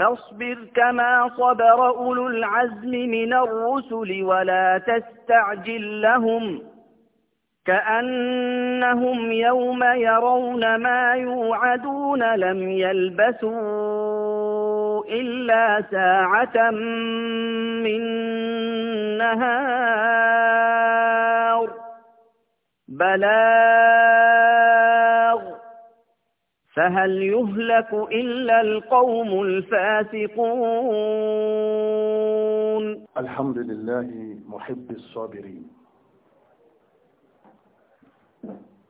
فاصبر كما صبر أولو العزم من الرسل ولا تستعجل لهم كأنهم يوم يرون ما يوعدون لم يلبثوا إلا ساعة من نهار بلاغ فهل يهلك إلا القوم الفاسقون الحمد لله محب الصابرين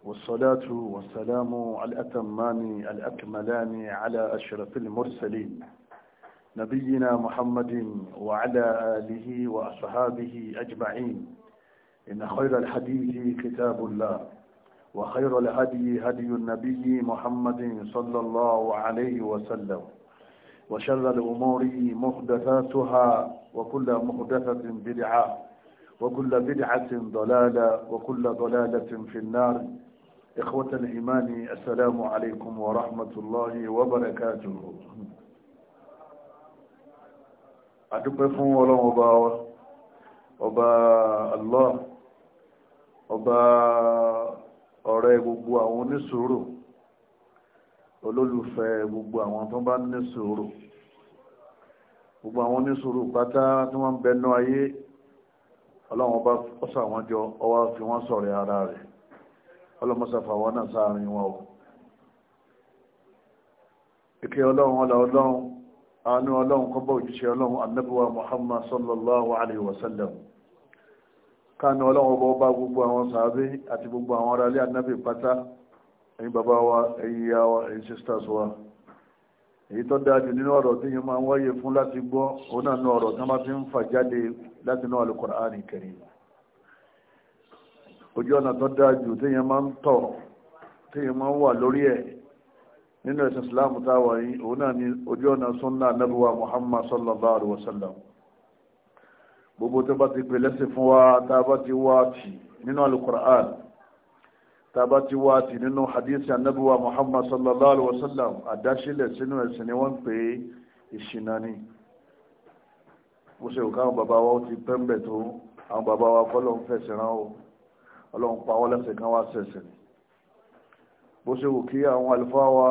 والصلاة والسلام على الأتمان الأكملان على أشرف المرسلين نبينا محمد وعلى آله وأصحابه أجمعين إن خير الحديث كتاب الله وخير الهدي هدي النبي محمد صلى الله عليه وسلم وشر الأمور محدثاتها وكل محدثة بدعة وكل بدعة ضلالة وكل ضلالة في النار إخوة الإيمان السلام عليكم ورحمة الله وبركاته أدبفون ولا مباوة وبا الله وبا ọ̀rẹ́ gbogbo àwọn onísùúrù olólùfẹ́ gbogbo àwọn tó bá nísùúrù gbogbo àwọn onísùúrù pátá tí wọ́n ń bẹnu ayé ọlọ́wọ́n bá ọ̀sà wọn jọ ọwá fi wọ́n sọ̀rẹ̀ ara rẹ̀ ọlọ́mọsàfà wọn náà sáàrin wọn o ìkẹ́ ọlọ́run ọlá ọlọ́run àánú ọlọ́run kọ́bọ̀ òjíṣẹ́ ọlọ́run annabuwa muhammad sallallahu alaihi wasallam káàní ọlọ́run bọ́ bá gbogbo àwọn sàábé àti gbogbo àwọn aráalé ànábì pátá ẹ̀yin bàbá wa ẹ̀yin ìyá wa ẹ̀yin sisters wa èyí tó dájú nínú ọ̀rọ̀ tí yẹn máa ń wáyé fún láti gbọ́ òun náà nú ọ̀rọ̀ tí wọ́n bá fi ń fà jáde láti inú Al-Qur'ani Karim ojú ọ̀nà tó dájú tí yẹn máa ń tọ̀ tí yẹn máa ń wà lórí ẹ̀ nínú ẹ̀sìn Islam táwa yìí òun ojú ọ̀nà sunna Ànábì wa Muhammad sallallahu alaihi wa sallam gbogbo tó bá ti pè lẹ́sìn fún wa tá a bá ti wá tì nínú alukur'an tá a bá ti wá tì nínú hadith anabi wa muhammad sallallahu alaihi wa sallam àdáṣílẹ̀ sínú ẹ̀sìn ni wọ́n pè é ìṣìnà ni bó ṣe òkà àwọn bàbá wa ó ti pẹ́ńbẹ̀ tó àwọn bàbá wa kọ́lọ̀ ń fẹ̀sẹ̀ rán o ọlọ́run pa wọ́n lẹ́sẹ̀ kan wá sẹ̀sẹ̀ ni bó ṣe wù kí àwọn àlùfáà wa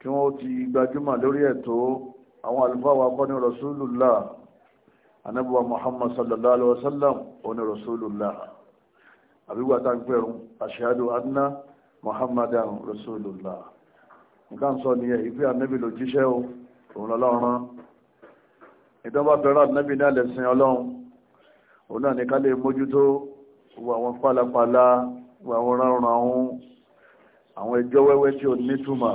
kí wọ́n ti gbajúmọ̀ lórí ẹ̀tọ́ àwọn àlùfáà wa kọ́ ní Rasulullah anabuwa muhammad sallallahu alaihi wasallam oni rasulullah abiwa ta gberun ashhadu anna muhammadan rasulullah nǹkan sọ ni ife anabi ló jíṣẹ́ o òun lọ́lọ́run ìdánwà bẹ̀rẹ̀ anabi náà lẹ́sìn ọlọ́run òun náà ní ká lè mójútó wo àwọn pálapàla wo àwọn ránran ọ̀hún àwọn ẹjọ́ wẹ́wẹ́ tí ò nítumọ̀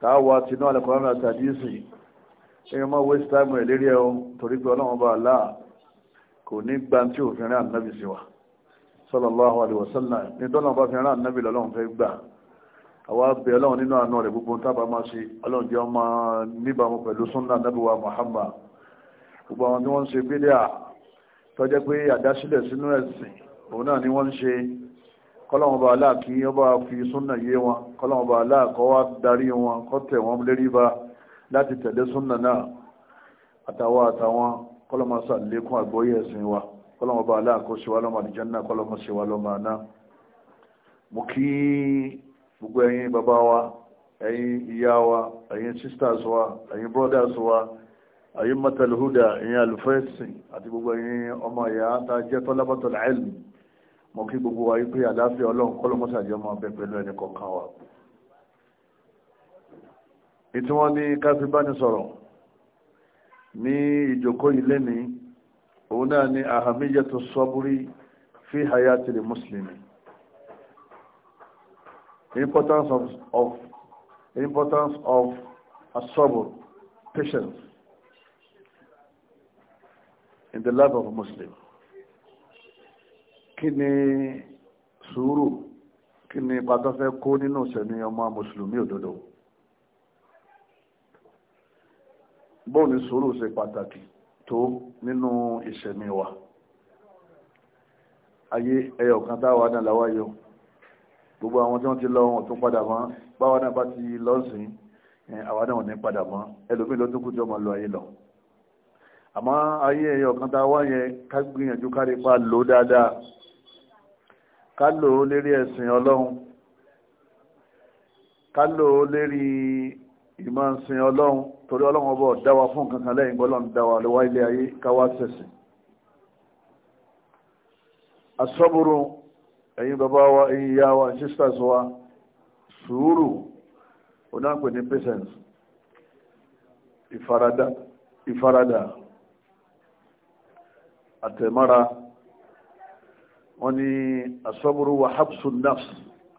táwa tinú alẹ́kọ̀ọ́ àtàdísì èèyàn máa waste time ẹ̀ lérí ẹ̀hún torí pé ọlọ́run bá aláà kò ní gbà tí òfin sallallahu alaihi wasallam ní tọ́lọ́run bá fi rán ànábì lọ́lọ́run fẹ́ gbà àwa bẹ̀ ọlọ́run nínú àánú rẹ̀ gbogbo Muhammad gbogbo àwọn tí wọ́n ń ṣe bídíà tọ́jẹ́ pé àdásílẹ̀ sínú ẹ̀sìn òun náà ni wọ́n ń ṣe kọ́lọ̀wọ̀n bá fi súnnà yé wọn kọ́lọ̀wọ̀n bá aláàkọ́ wá darí wọn kọ́tẹ̀ wọn lérí bá láti tẹ̀lé súnà náà àtàwọn àtàwọn kọlọmọsà lékún àgbóyè ẹ̀sìn wa kọlọmọ bá aláàkó ṣe wá lọ́mọ àdìjánná kọlọmọ ṣe wá lọ́mọ àná mo kí gbogbo ẹ̀yin bàbá wa ẹ̀yin ìyá wa ẹ̀yin sisters wa ẹ̀yin brothers wa ẹ̀yin mọ́tàlúhúdà ẹ̀yin alufẹ́sìn àti gbogbo ẹ̀yin ọmọ ìyá tá a jẹ́ tọ́lábọ́tọ̀lá ẹ̀lì mo kí gbogbo wa yí pé àlàáfíà ọlọ́run kọlọmọsà wa ìtí wọ́n ní káfí bá ní sọ̀rọ̀ ní ìjòkó ilé ní òun náà ni àhàmíyẹ tó sọ́búrí fi hayati lè mùsùlùmí importance of, of importance of asọ́bùr patience in the life of a muslim kini suru kini kí ni pàtàkì kó ni ìṣẹ̀ni Muslimi mùsùlùmí bó ní sùúrù ṣe pàtàkì tó nínú ìṣẹ̀mí wa ayé ẹyọ kan táwa náà làwa yọ gbogbo àwọn tí wọ́n ti lọ wọn tún padà mọ́ báwa náà bá ti lọ sìn àwa náà ní padà mọ́ ẹlòmíì ló tún kú jọmọ lọ ayé lọ àmọ́ ayé ẹyọ kan táwa yẹn ká gbìyànjú kárí pa lò dáadáa ká lò ó lérí ẹ̀sìn ọlọ́run ká lò ó lérí ìmọ̀ ẹ̀sìn ọlọ́run torí ọlọ́run ọba ọ̀dáwà fún kankan lẹ́yìn gbọ́lọ́n dáwà lọ́wọ́ ilé ayé káwá sẹ̀sẹ̀ asọ́bùrù ẹ̀yin bàbá wa ẹ̀yin ìyá wa sisters wa sùúrù onáàpè ní patience ìfaradà ìfaradà àtẹ̀mára wọ́n ní asọ́bùrù wa habsun nafs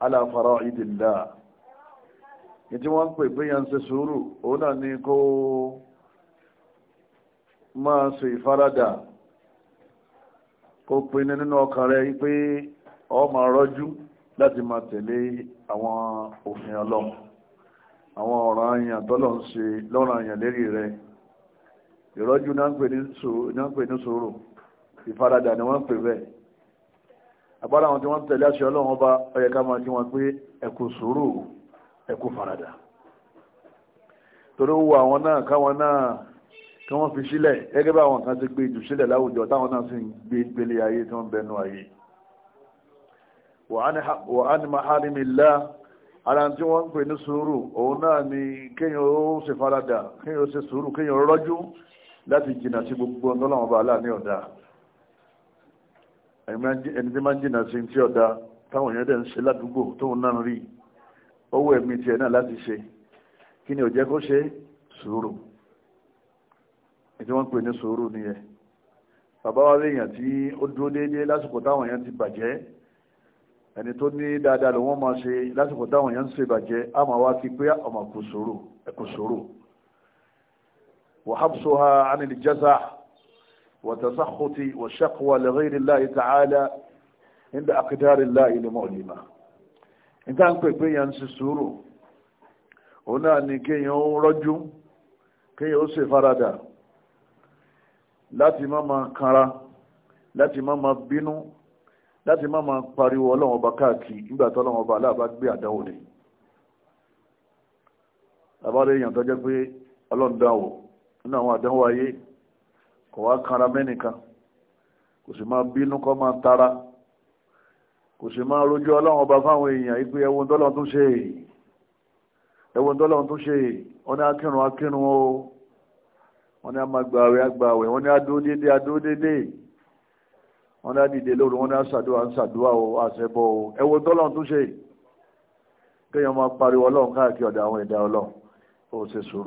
ala fara'idillah ìtí wọ́n ń pè pé yẹn ń ṣe sùúrù òun náà ni kó máa ṣe ìfaradà kó pinnu nínú ọkàn rẹ pé o máa rọ́jú láti máa tẹ̀lé àwọn òfin ọlọ́run àwọn ọ̀ràn àyàn tọ́lọ̀ ń ṣe lọ́ràn àyàn lérí rẹ ìrọ́jú náà ń pè ní sùúrù ìfaradà ni wọ́n ń pè bẹ́ẹ̀ agbára àwọn tí wọ́n ń tẹ̀lé àṣẹ ọlọ́run ọba ó ká máa kí wọn pé ẹ sùúrù ẹkú farada torí wo àwọn náà káwọn náà kí wọ́n fi sílẹ̀ gẹ́gẹ́ bá àwọn kan ti gbé jù sílẹ̀ láwùjọ táwọn náà sì ń gbé ìpele ayé tí wọ́n bẹnu ayé wà á ní maharimilá ara tí wọ́n ń pè ní sùúrù òun náà ni kéèyàn ó ṣe farada kéèyàn ó ṣe sùúrù kéèyàn rọ́jú láti jìnnà sí gbogbo ọ̀dọ́lọ́wọ́n bá aláàní ọ̀dà ẹni tí máa ń jìnnà sí ti ọ̀dà táwọn èèyàn dẹ̀ ń ṣe ládùúgbò tóun náà rí owó ẹ̀mí tiẹ̀ náà láti ṣe kí ni ò jẹ́ kó ṣe sùúrù ètí wọ́n pè ní sùúrù nìyẹn bàbá wa léèyàn tí ó dúró déédéé lásìkò táwọn èèyàn ti bàjẹ́ ẹni tó ní dáadáa lòun máa ṣe lásìkò táwọn èèyàn ń ṣe bàjẹ́ á máa wá pé ọmọ kò sùúrù ẹ̀kọ́ sùúrù وحبسها عن الجزع وتسخط والشقوى لغير الله تعالى عند أقدار الله المؤلمة níta ń pè pé yẹn ń ṣe sùúrù òun náà ni kéèyàn ó rọ́jú kéèyàn ó ṣe faradà láti má máa kanra láti má máa bínú láti má máa pariwo ọlọ́run ọba káàkiri nígbà tó ọlọ́run ọba aláàbá gbé àdánwò ni àbálẹ̀ èèyàn tó jẹ́ pé ọlọ́run nínú àwọn àdánwò ayé kò wá kanra mẹ́nìkan kò sì máa bínú kó máa tara kò sì máa rojú ọlọ́run ọba fáwọn èèyàn ipe ẹwọ́n tọ́lọ́run tún ṣe ẹwọ́n tọ́lọ́run tún ṣe wọ́n ní akírun akírun o wọ́n ní amagbàwẹ̀ agbàwẹ̀ wọ́n ní adódédé adódédé wọ́n ní adìde lóru wọ́n ní asàdúrà asàdúrà o àṣẹbọ o ẹwọ́n tọ́lọ́run tún ṣe kéèyàn máa pariwo ọlọ́run káàkiri ọ̀dọ̀ àwọn ẹ̀dá ọlọ́run ó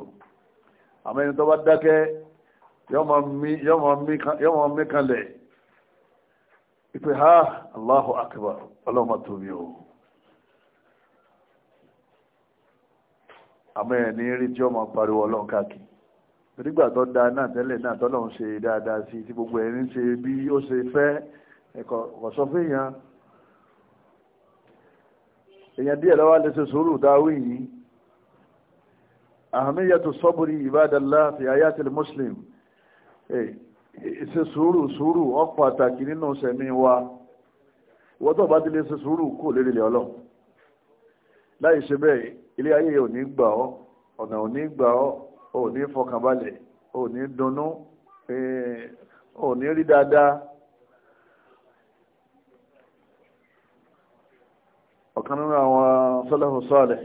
ṣe ìpè ha Allahu akbar ọlọ́mọ o àmọ́ ẹ̀ ní rí tí ọmọ pariwo ọlọ́run nígbà tó da náà tẹ́lẹ̀ náà tọ́lọ́run ṣe dáadáa sí ti gbogbo ẹ̀rí ń ṣe bí ó ṣe fẹ́ ẹ̀kọ́ sọ fún èèyàn èèyàn díẹ̀ lọ́wọ́ lè ṣe sùúrù dáwí yìí fi muslim ṣe sùúrù sùúrù ó pàtàkì nínú sẹ̀mí wa wọ́n tó bá ti lè ṣe sùúrù kò lè rìnlẹ̀ ọlọ́ láì ṣe bẹ́ẹ̀ ilé ayé ò ní gbà ọ́ ọ̀nà ò ní gbà ọ́ ò ní fọkànbalẹ̀ ò ní dunnú ò ní rí dáadáa ọ̀kan nínú àwọn sọ́lẹ́hùn sọ́ọ̀lẹ̀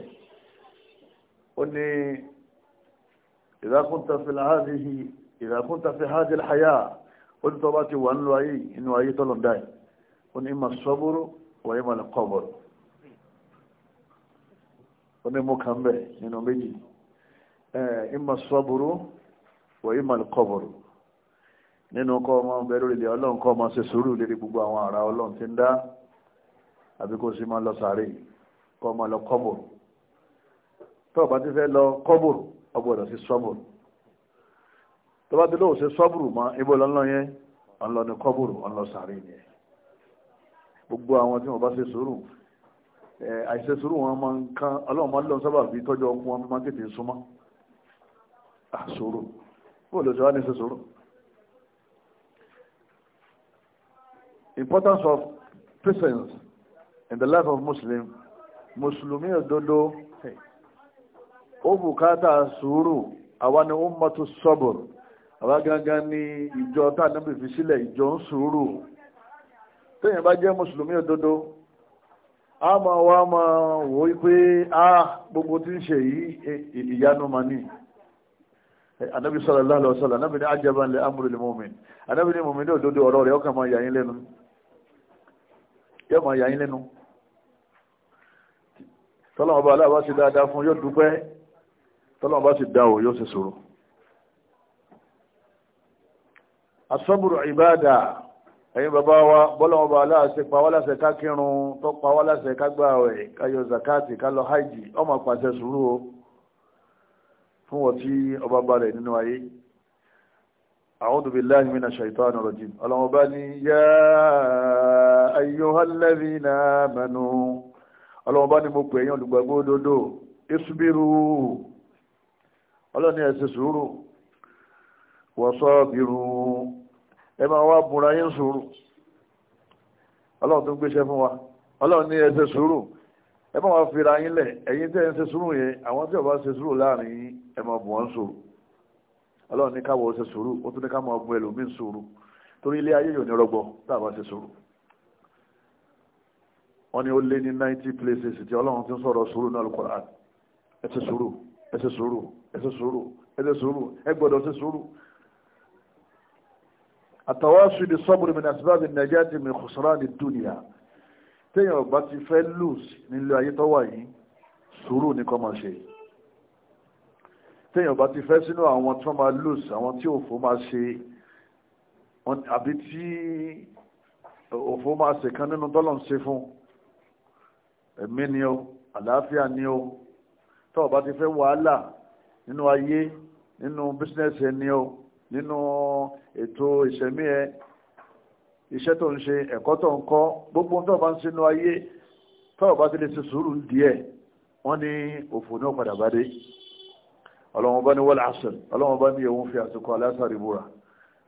ó ní ìdákùntàfẹ́lá hàzíhì إذا كنت في هذه الحياة ní باتي ti wà nínú ayé inú ayé tọ́lọ̀ dá ẹ̀ ó ní ìmọ̀ إما wà ìmọ̀ lẹ́kọ̀ọ́bọ̀rù ó ní mú kan bẹ̀ nínú méjì ìmọ̀ sọ́búrú wà ìmọ̀ lẹ́kọ̀ọ́bọ̀rù nínú kọ́ ọmọ bẹ̀rù ilẹ̀ ọlọ́run kọ́ ọmọ ṣe sùúrù lérí gbogbo àwọn ará ọlọ́run ti ń dá àbí kó sì máa lọ sàárè kọ́ ọmọ lọ kọ́bùrù tọ́ọ̀bá ti fẹ́ lọ kọ́bùrù ọgbọ́dọ̀ sí sọ́bùrù tọ́ba bí lóòsè sọ́bùrù mọ́ ibo lọ́nà yẹn ọ̀nlọ ni kọ́bùrù ọ̀nlọ sàárè ni ẹ̀ gbogbo àwọn tí wọ́n bá ṣe sùúrù àìṣe sùúrù wọn máa ń kán ọlọ́run máa ń lọ sábà bí tọ́jú ọkùn wọn máa ń tètè súnmọ́ àṣòro bóò lọ́sọ̀ wá ní ṣe sùúrù. importance of presence in the life of Muslim mùsùlùmí òdodo ó bùkátà sùúrù àwa ni ummatu sabr àwa gangan ni ìjọ tá ànábì fi sílẹ̀ ìjọ ń sùúrù téèyàn bá jẹ́ mùsùlùmí òdodo a máa wá máa wò ó pé a gbogbo tí ń ṣe yìí e, ìyanu mà ní ànábì sallallahu alaihi wasallam ànábì ní ajaban li amri lil mu'min ànábì ní mu'min ní òdodo ọ̀rọ̀ rẹ̀ ọkàn máa yà yín lẹ́nu yóò máa yà yín lẹ́nu tọ́lọ́mọba aláàbá sì dáadáa fún yóò dúpẹ́ tọ́lọ́mọba sì dáwò yóò sì sọ̀rọ̀ asọ́bùrù ìbáàdà ẹ̀yin bàbá wa bọ́lọ́wọ́ bá aláàṣẹ pa wọ́n láṣẹ ká kírun tó pa wọ́n láṣẹ ká gbà rẹ̀ ká yọ zakati ká lọ hajj ọmọ pàṣẹ sùúrù o fún wọ́n tí ọba bá rẹ̀ nínú ayé a'udhu billahi minash shaitani rajim ọlọ́wọ́ bá ní yá ayyuhal ladhina amanu ọlọ́wọ́ bá ní mo pè yín olùgbàgbọ́ òdodo isbiru ọlọ́ni ẹ sùúrù wa ẹ máa wá bùnra yín sùúrù ọlọ́run tó ń gbéṣẹ́ fún wa ọlọ́run ní ẹsẹ̀ sùúrù ẹ máa wá fira yín lẹ̀ ẹ̀yin tẹ́ ẹ ń ṣe sùúrù yẹn àwọn tí ó bá ṣe sùúrù láàrin yín ẹ máa bùn wọ́n sùúrù ọlọ́run ní káwọ́ ṣe sùúrù ó tún ní ká máa ẹlòmíín sùúrù torí ilé ayé yóò ní rọgbọ tá a bá ṣe sùúrù wọ́n ní ó lé ní ninety places tí ọlọ́run ti ń sọ̀rọ̀ sùúrù náà Al-Qur'an ẹ ṣe sùúrù ẹ ṣe sùúrù ẹ ṣe sùúrù ẹ ṣe sùúrù ẹ ṣe sùúrù àtàwásù ní sọ́bùrù mi nàṣìbáàbì nàìjíríà ti mi kùsùrà ní dúnìyà téèyàn ọ̀gbá ti fẹ́ lùs nílé ayé tó wà yìí sùúrù ní kọ́ máa ṣe téèyàn ọ̀gbá ti fẹ́ sínú àwọn tó máa lùs àwọn tí òfò máa ṣe àbí tí òfò máa ṣe kan nínú tọ́lọ̀ ń ṣe fún ẹ̀mí ni ó àlàáfíà ni ó tó ọ̀gbá ti fẹ́ wàhálà nínú ayé nínú bísínẹ́sì ẹni ó nínú ètò ìṣẹ̀mí ẹ iṣẹ́ tó ń ṣe ẹ̀kọ́ tó ń kọ́ gbogbo tó bá ń sínú ayé tó bá ti lè ṣe sùúrù díẹ̀ wọ́n ní òfò náà padà bá dé ọlọ́wọ́n bá ní wal asr ọlọ́wọ́n bá ní òun fi àsìkò alásàrí búra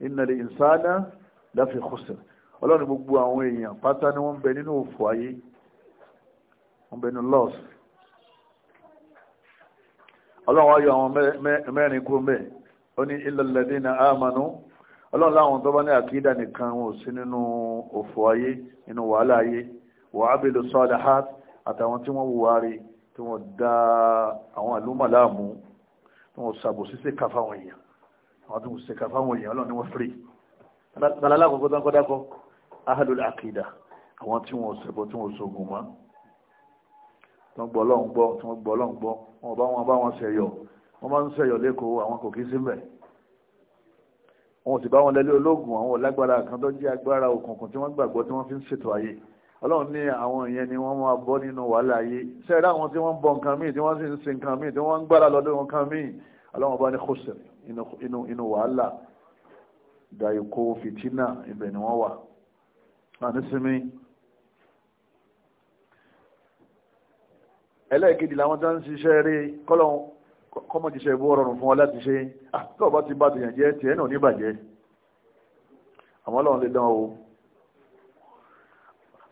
innal insana lafi khusr ọlọ́run gbogbo àwọn èèyàn pátá ni wọ́n ń bẹ nínú òfò ayé wọ́n bẹ nínú lọ́ọ̀sì ọlọ́wọ́n ayọ̀ àwọn mẹ́rin kú mẹ́rin ó ní ilẹ̀lẹ́dẹ́ ní àmànú ọlọ́run láwọn tó bá ní àkídà nìkan wọn ò sí nínú òfò ayé nínú wàhálà ayé wà á bèèrè sọ́ọ̀dà hát àtàwọn tí wọ́n wùwá rí tí wọ́n dá àwọn àlùmọ̀láàmú tí wọ́n sàbò sí ṣèkà fáwọn èèyàn àwọn tí wọ́n ṣèkà fáwọn èèyàn ọlọ́run ni wọ́n fèrè tàlálà àkọ́kọ́ tó ń kọ́dákọ́ àkídà àwọn tí wọ́n ṣẹbọ tí wọ́n ṣogun mọ́ tí wọ́n gbọ́ wọ́n máa ń sẹ̀yọ̀ lẹ́kọ̀ọ́ àwọn kò kí síbẹ̀ wọn ò sì bá wọn lẹ́lé ológun àwọn ọ̀lágbára kan tó jẹ́ agbára òkùnkùn tí wọ́n gbàgbọ́ tí wọ́n fi ń ṣètò ayé ọlọ́run ní àwọn ìyẹn ni wọ́n máa bọ́ nínú wàhálà ayé sẹ́ẹ̀rẹ́ àwọn tí wọ́n ń bọ nǹkan míì tí wọ́n sì ń sin nǹkan míì tí wọ́n ń gbára lọ́dọ̀ nǹkan míì ọlọ́run bá ní kòsẹ̀ inú wàhálà dàìkó fìtínà ibẹ̀ ni wọ́n wà ànísìmí ẹlẹ́ẹ̀kejì làwọn tó ń ṣiṣẹ́ rí kọ́lọ́run kọ́mọ ti ṣe ìbú ọ̀rọ̀rùn fún wa láti ṣe ah, tó bá ti bá ti yàn jẹ́ tiẹ̀ náà níbàjẹ́ àmọ́ ọlọ́run lè dán o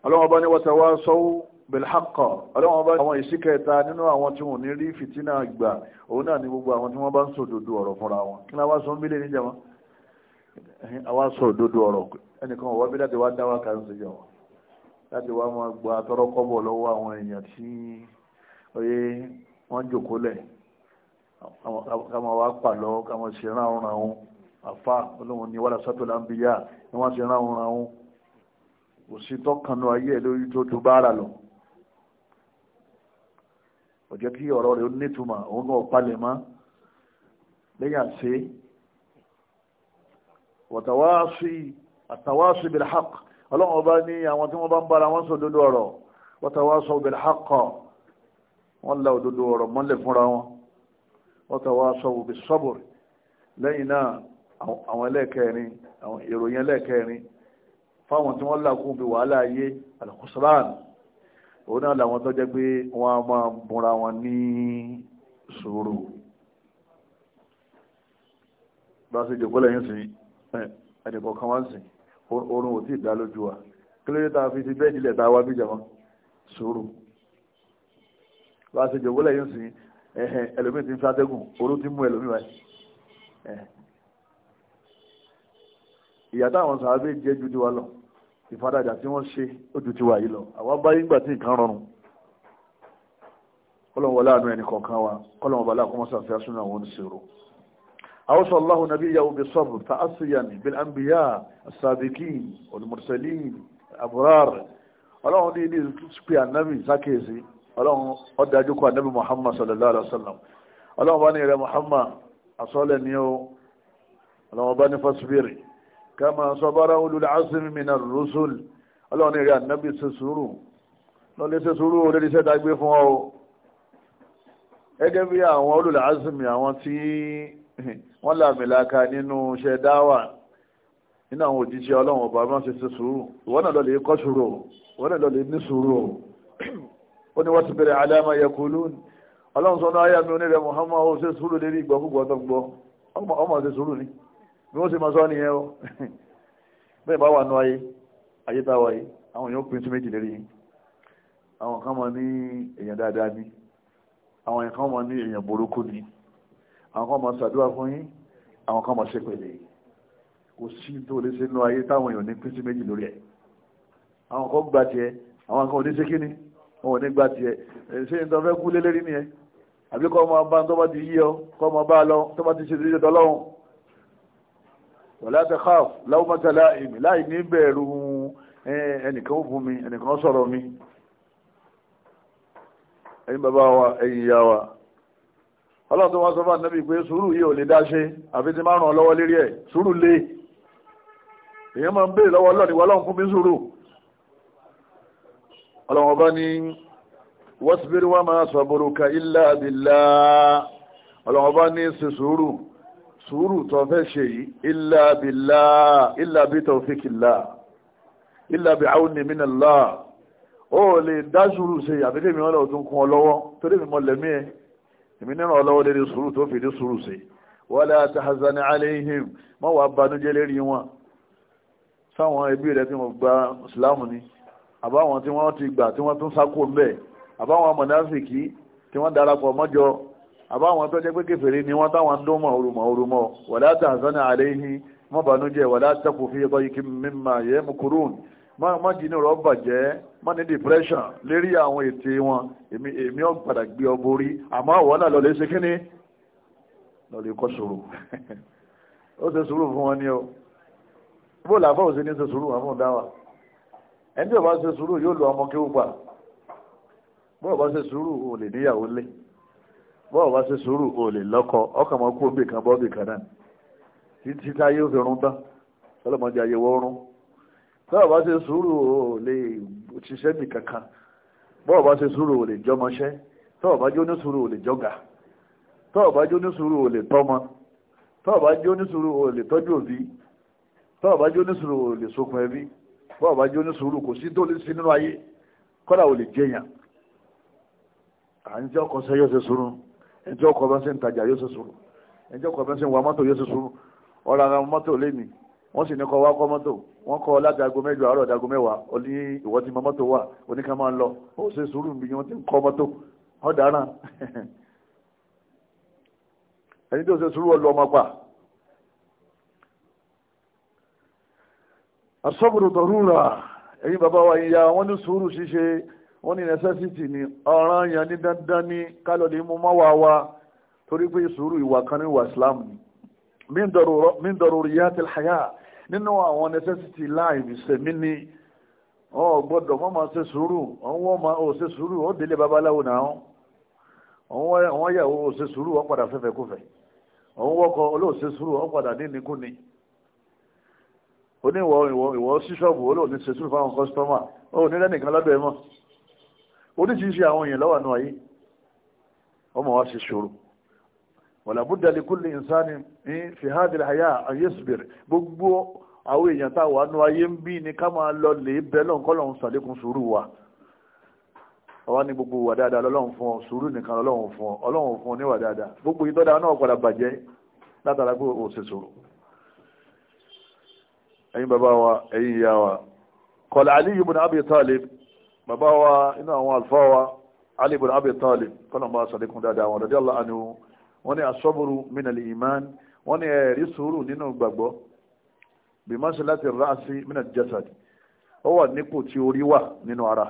ọlọ́run ọba ní wọ́ta wá sọ́wọ́ belhakọ ọlọ́run ọba àwọn ìsíkẹta nínú àwọn tí wọ́n ní rí fìtínà gbà òun náà ni gbogbo àwọn tí wọ́n bá ń sọ òdodo ọ̀rọ̀ fúnra wọn kí ni a wá sọ ń bílẹ̀ níjàmá àwa sọ òdodo ọ̀rọ̀ ẹnìkan ọ̀wọ́ bí láti wá dá wá kan sí jọ láti wá máa gba tọrọkọ́bọ̀ lọ́wọ́ àwọn èèyàn tí wọ́n jókòó lẹ̀ kama wa pàlọ́ kama ṣe ráhùn ráhùn àfá olóhun ni wàlá sátọ̀lá ń bí yá ni wọ́n ṣe ráhùn ráhùn kò sí tọ́kànnú ayé lórí tó tó bára lọ ó kí ọ̀rọ̀ rẹ̀ ó nítumọ̀ òun náà palẹ̀ mọ́ lẹ́yìn àṣẹ wàtàwáṣí àtàwáṣí ọlọ́run ọba ní àwọn tí wọ́n bá ń bára wọn sọ òdodo ọ̀rọ̀ wàtàwáṣọ bil wọ́n la òdodo ọ̀rọ̀ mọ́lẹ̀ fúnra wọn watawasaw bis-sabr lẹ́yìn náà àwọn ẹlẹ́ẹ̀kẹrin àwọn ìròyìn ẹlẹ́ẹ̀kẹrin fáwọn tí wọ́n làkún bí wàhálà ayé al-khusran òun náà làwọn tó jẹ́ pé wọ́n á máa búra wọn ní sùúrù bá ṣe jòkó lẹ́yìn sí ẹnìkan kan wá ń sìn oorun ò tí ì dá lójú wa kí ló tá a fi ti bẹ́ẹ̀ nílẹ̀ tá a wá bí jàmọ́ sùúrù bá ṣe jòkó lẹ́yìn sí ẹlòmíì ti ń fàtẹ́gùn oró ti mú ẹlòmíì wáyé ìyá táwọn sàábé jẹ́ ju tiwa lọ ìfaradà tí wọ́n ṣe ó ju tiwa yìí lọ àwa báyìí gbà tí nǹkan rọrùn kọlọ̀n wọlé àánú ẹni kọ̀ọ̀kan wa kọlọ̀n wọlé àkọmọ́sà fẹ́ súnà wọn ṣèrò àwọ́sọ̀ aláhùn nàbí ìyàwó bí sọ́bù ta asiyan bil anbiya asabiki olùmọ̀sẹ̀lì aburar ọlọ́run ní ilé ìtúsípẹ́ ànábì sákèsí ọlọ́run ọdájú kọ anábì muhammad sallallahu alaihi wasallam ọlọ́run bá ní ìrẹ muhammad asọ́lẹ̀ ní o ọlọ́run bá ní fasbiri kama sabara ulul azmi minar rusul ọlọ́run ìrẹ anábì ṣe sùúrù lọ́lẹ́ ṣe sùúrù lórí iṣẹ́ dágbé fún ọ gẹ́gẹ́ bí àwọn ulul azmi àwọn tí wọ́n làmìlaka nínú iṣẹ́ dáwà nínú àwọn òjíṣẹ́ ọlọ́run ọba máa ṣe ṣe ìwọ́n náà lọ́lẹ́ kọ́ ìwọ́n náà lọ́lẹ́ ní ó ní wọ́n ti bẹ̀rẹ̀ àdámà yakulun ọlọ́run sọ náà ayàmì onírẹ̀ muhammadu ó ṣe sùúrù lérí ìgbọ́kúgbọ́ tó gbọ́ ọmọ ṣe sùúrù ni bí wọ́n ṣe máa sọ nìyẹn o bẹ́ẹ̀ bá wà nú ayé ayé tá a wà yìí àwọn èèyàn pín sí méjì lérí yìí àwọn kan máa ní èèyàn dáadáa ní àwọn kan máa ní èèyàn burúkú ní àwọn kan máa ṣàdúrà fún yín àwọn kan máa ṣe pẹ̀lẹ́ kò sí tó lè ṣe nú ayé táwọn èèyàn ní pín sí méjì lórí ẹ̀ àwọn kan gbà tiẹ̀ àwọn kan ò ní ṣe kíni wọn ò ní gba tiẹ̀ ṣé n tọ́ fẹ́ kú lélẹ́rí nìyẹn àbí kọ́ ọmọ bá ń tọ́ bá ti yí ọ kọ́ ọmọ bá lọ tọ́ bá ti ṣe ìdíje tọ́lọ́hún wọ̀lá tẹ káf láwùmọ́tàlá èmi láì ní bẹ̀rù ẹnìkan ó fún mi ẹnìkan sọ̀rọ̀ mi ẹ̀yin bàbá wa ẹ̀yin ìyá wa ọlọ́run tó wá sọ fún ànábì pé sùúrù yìí ò lè dá ṣe àfi ti máa ràn lọ́wọ́ lérí ẹ̀ sùúrù le èèyàn máa ń béèrè lọ́wọ́ ọlọ́run ìwọ ọlọ́run fún mi sùúrù ọlọ́wọ́n bá ní wasbir wa ma sabruka illa billah ọlọ́wọ́n bá ní ṣe sùúrù sùúrù tó fẹ́ ṣe yìí illa billah illa bi tawfikillah illa bi awni minallah ó lè dá sùúrù ṣe àbíkẹ́ mi wọ́n lọ́wọ́ tó ń kún ọ lọ́wọ́ torí mi mọ́ lẹ́mí ẹ̀ ọlọ́wọ́ àbáwọn tí wọ́n ti gbà tí wọ́n tún sákò ń bẹ̀ àbáwọn mọ̀nàfìkì tí wọ́n darapọ̀ mọ́jọ àbáwọn tó jẹ́ pé kèfèrí ni wọ́n táwọn ń dúnmọ̀ orùmọ̀ orùmọ̀ wala tahzana alayhi má bànújẹ́ wala taku fi daykin mimma yamkurun má jìnnì rọ́bà jẹ́ má ní depression lérí àwọn ètè wọn èmi ò padà gbé ọ borí àmọ́ àwọn náà lọ́lẹ́ ṣe kíní lọ́lẹ́ kọ́ sòrò ó ṣe sùúrù fún wọn ni ó bó làbọ̀ òṣèlú ṣe sùúrù wọn fún dáwà ẹni ọba ṣe sùúrù yóò lo ọmọ kéwù pa bọ́ọ̀ bá ṣe sùúrù o lè níyàwó lé bọ́ọ̀ bá ṣe sùúrù o lè lọ́kọ ọkàn máa kú omi kan bọ́ọ̀bì kan náà títí táyé ó fi rún tán sọlọ́mọdé ayé wọ́n rún bọ́ọ̀ ṣe sùúrù o lè ṣiṣẹ́ kankan bọ́ọ̀ ṣe sùúrù o lè jọmọṣẹ́ suru o lè jọgà tọ́ọ̀ bá lè lè òbí lè bọ́ọ̀ bá jó ní sùúrù kò sí tó lè sí nínú ayé kọ́dà ò lè jẹyàn à ń jẹ́ ọkọ̀ sẹ́ yóò ṣe sùúrù ẹni tí ọkọ̀ bá ṣe ń tajà yóò ṣe sùúrù ẹni tí ọkọ̀ bá ṣe ń wa mọ́tò yóò ṣe sùúrù ọ̀rọ̀ ara mọ́tò lẹ́mìí wọ́n sì ní kọ́ wákọ́ mọ́tò wọ́n kọ́ ládago mẹ́jọ àárọ̀ dago mẹ́wàá ó ní ìwọ tí mọ mọ́tò wà oníkan máa ń lọ ó ṣe sùúrù níbi wọn ti ń kọ́ mọ́tò ọ̀daràn ẹni tó ṣe sùúrù ọlọ́mọ asọ́bùrù dọ̀rúra ẹ̀yin bàbá wa ìyá wọ́n ní sùúrù ṣíṣe wọ́n ní necessity ni ọ̀ràn yẹn ní dandan ní kálọ̀dé mú má wà wá torí pé sùúrù ìwà kan ní ìwà Islam min daruriyatil haya nínú àwọn necessity láìbì sẹ̀mí ni ọ gbọ́dọ̀ wọ́n máa ṣe sùúrù wọ́n máa ò ṣe sùúrù ó délé babaláwo náà wọ́n yàwó ò ṣe sùúrù wọ́n padà fẹ́fẹ́ kúfẹ́ òun wọ́kọ olóòṣè sùúrù ní nìkúni ó ní ìwọ ìwọ ìwọ sí ṣọ́ọ̀bù ó lò ní ṣe sùúrù fáwọn kọ́sítọ́mà ó ní lẹ́nìkan lábẹ́ mọ́ oríṣiríṣi àwọn èèyàn lọ́wọ́ nù ayé ọmọ wa ṣe ṣòro wàlà búdà lè kú lè ìsáni ní fìhádìrì àyà ayé ṣùgbẹ̀rẹ̀ gbogbo àwọn èèyàn tá wà nù ayé ń bí ni ká máa lọ lè bẹ́ lọ́nkọ́lọ́hún dáadáa lọ́lọ́run fún ọ sùúrù nìkan lọ́lọ́run fún ọ ọlọ́run fún ọ níwà dáadáa gbogbo ìtọ́dá náà padà bàjẹ́ látara pé òṣèṣòro ẹ̀yin bàbá wa ẹ̀yin ìyá wa kọ̀lá ali ibn abi talib bàbá wa inú àwọn àlùfáà wa ali ibn abi talib kọ́nà bá sàlékún dáadáa wọn radiyallahu anhu wọ́n ní asọ́bùrù minal iman wọ́n ní ẹ̀rí sùúrù nínú gbàgbọ́ bí masalati ra'si minal jasad ó wà nípò tí orí ninu ara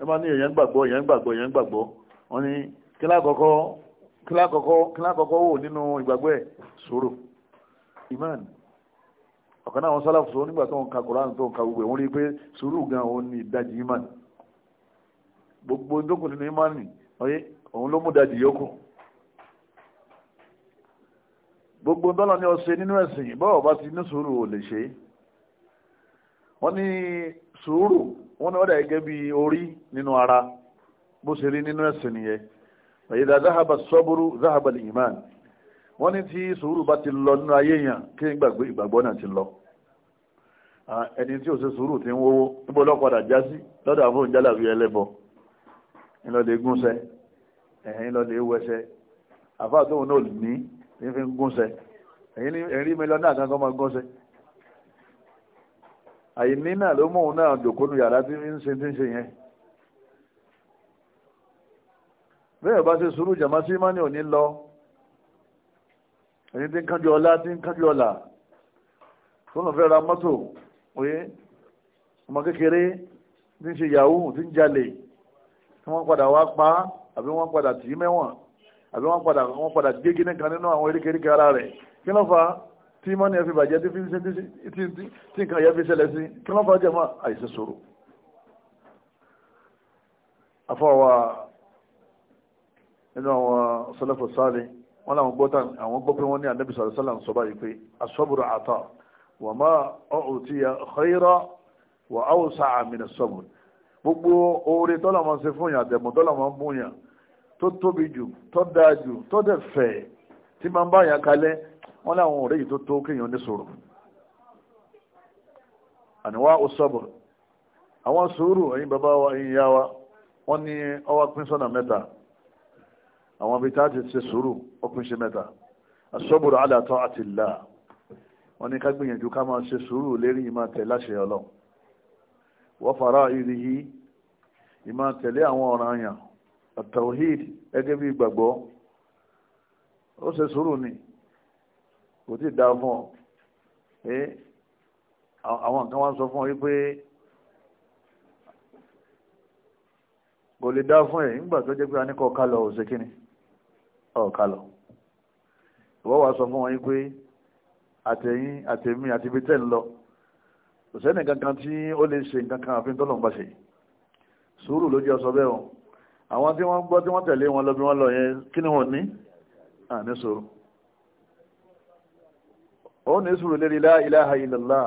e ma ni èèyàn gbàgbọ́ èèyàn gbàgbọ́ èèyàn gbàgbọ́ wọ́n ní kílá àkọ́kọ́ kílá àkọ́kọ́ kílá àkọ́kọ́ wò nínú ìgbàgbọ́ ẹ̀ sùúrù iman ọ̀kan náà wọn sálàfù sọ nígbà tó ń ka koran tó ń ka gbogbo ẹ̀ wọ́n rí i pé sùúrù gan òun ni ìdajì imani gbogbo ndókun nínú imani ọyẹ òun ló mú dajì yókù gbogbo dọ́là ni ọ̀sẹ̀ nínú ẹ̀sìn bọ́ọ̀ bá ti ní sùúrù ò lè ṣe wọ́n ní sùúrù wọ́n ní ọ̀dà gẹ́gẹ́ bí orí nínú ara bó ṣe rí nínú ẹ̀sìn nìyẹn ọ̀yẹ̀dà záhàbà sọ́búrú záhàbà lè yìí wọ́n ní tí sùúrù bá ti lọ nínú ayé yàn kí n gbàgbé ìgbàgbọ́ náà ti lọ ẹni tí ò ṣe sùúrù ti ń wówó níbo lọ́padà já sí lọ́dọ̀ àwọn òǹjálàbí ẹlẹ́bọ ńlọdẹ gúnṣẹ ẹ̀yìn ńlọdẹ wẹṣẹ àfáà tóun náà ní ní fi ń gúnṣẹ ẹ̀yìn rí mi lọ náà kankan máa gúnṣẹ àìní náà ló mọ̀ọ́n náà jòkónú yàrá tí ń ṣe tí ń ṣe yẹn bẹ́ẹ̀ bá ṣe sùúrù jàmá ò ní lọ ẹni tí ń kánjú ọlá tí ń kánjú ọlà tó ń fẹ́ ra mọ́tò oyé ọmọ kékeré tí ń ṣe yahoo tí ń jalè tí wọ́n padà wá pa àbí wọ́n padà tì í mẹ́wọ̀n àbí wọ́n padà wọ́n padà gégé nìkan nínú àwọn erékèéríkè ara rẹ̀ kí ló fa tí mọ́ni ẹ̀ fi bàjẹ́ tí nǹkan ẹ̀yẹ́ fi ṣẹlẹ̀ sí kí ló fa jẹ́ mọ́ àìsí sòrò afọwà nínú àwọn sọlẹ́fọ̀ sáré wọ́n làwọn gbọ́ tán àwọn gbọ́ pé wọ́n ní anabi sọ̀rọ̀ sọ́lá sọ báyìí pé asọ́bùrù àtọ̀ wọ́n máa ọ̀hún ti yà xeyírọ́ wọ́n á wò sá àmìnà sọ́bùrù gbogbo oore tọ́lá máa ṣe fún yàn àtẹ̀mọ́ tọ́lá máa ń bún yàn tó tóbi jù tó dáa jù tó dẹ̀ fẹ̀ tí máa ń bá yàn kalẹ̀ wọ́n làwọn ọ̀rẹ́ yìí tó tó kéèyàn ní sọ̀rọ̀ àníwá ó sọ́bùrù àwọn sùúrù ẹ̀yin bàbá wa ẹ̀yin yá wa wọ́n ní ọwọ́ pín sọ́nà mẹ́ta àwọn ibi tá a ti ṣe sùúrù ó pín ṣe mẹ́ta asọ́bùrù ala ta'atillah wọ́n ní ká gbìyànjú ká máa ṣe sùúrù lérí ìmá tẹ̀lé àṣẹ ọlọ́run wa fara'idihi ìmá tẹ̀lé àwọn ọ̀ranyàn at-tawhid ẹgẹ́ bí gbàgbọ́ ó ṣe sùúrù ni kò tí ì dá fún ọ ẹ àwọn nǹkan wá sọ fún ọ wípé kò lè dá fún ẹ nígbà tó jẹ́ pé a ní kọ́ ká lọ òṣèkíni ọ̀ọ̀ká lọ ìwọ́ wa sọ fún wọn yín pé àtẹ̀yìn àtẹ̀mí àti ibi tẹ́ ń lọ kò sẹ́ni kankan tí ó lè ṣe nǹkan kan àfihàn tọ́lọ̀ ń bá ṣe sùúrù ló jẹ́ ọsọ bẹ́ẹ̀ wọn àwọn tí wọ́n gbọ́ tí wọ́n tẹ̀lé wọn lọ bí wọ́n lọ yẹn kí ni wọ́n ní àní sùúrù ó ní sùúrù lérí la ilaha illallah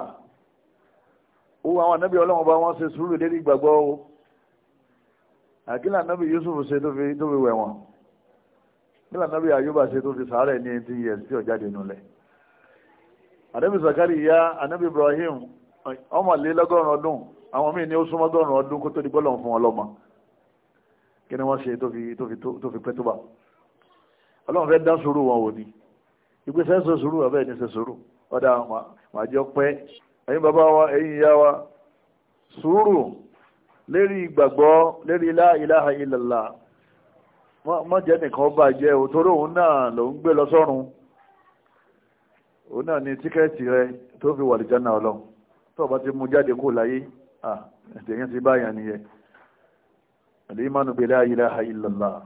ó wọ àwọn anábì ọlọ́run bá wọ́n ṣe sùúrù lérí ìgbàgbọ́ o àkílà anábì Yusuf ṣe tó fi wẹ̀ wọ́n nígbà náà bí ayúbà ṣe tó fi sàárẹ̀ ní eighteen years tí ọ̀jáde nulẹ̀ ànábì Zakariya ànábì Ibrahim ọmọlélọ́gọ́rùn ọdún àwọn míì ní ó súnmọ́gọ́rùn ọdún kó tó di bọ́lọ̀ fún ọlọ́mọ kí ni wọ́n ṣe tó fi pẹ́ tó bá ọlọ́run fẹ́ dá sùúrù wọn wò ni ìgbésẹ̀ ṣe sùúrù ọ̀bẹ́ ẹni ṣe sùúrù ọ̀dà màjọ pẹ́ ẹ̀yin bàbá wa ẹ̀yin ìyá wa sùúrù lérí ìgbàgbọ́ lérí la ilaha illallah mọ́jẹ́ nìkan bàjẹ́ òtóró òun náà ló ń gbé lọ sọ́run òun náà ni tíkẹ́ẹ̀tì rẹ tó fi wà lìjánà ọlọ́run tó bá ti mú jáde kó láyé ẹ̀yẹn ti báyà nìyẹn alìmánu bela ilaha illallah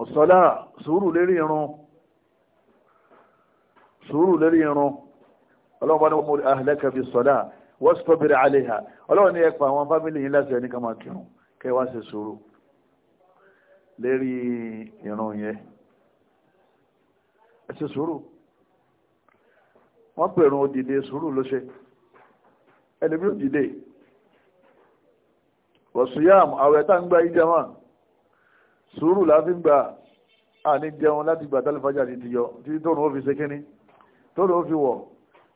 ọ̀sọ́lá sùúrù lérí irun sùúrù lérí irun ọlọ́run bá ní wọ́n mú ahlaka bí sọ́lá wasbir alaiha ọlọ́run ní ẹ àwọn fámìlì yìí láti ẹni kama kírun kẹwàá ṣe sùúrù lérí ìrun yẹn ẹ ṣe sùúrù wọ́n pèrún òdìdè sùúrù ló ṣe ẹlẹ́bí òdìdè wọ̀sùyàm àwẹ̀ tá ń gba ìjẹmọ́ sùúrù láti ń gba àní jẹun láti gbà tálífàjà ní ti yọ títí tóun ó fi ṣe kíní tóun ó fi wọ̀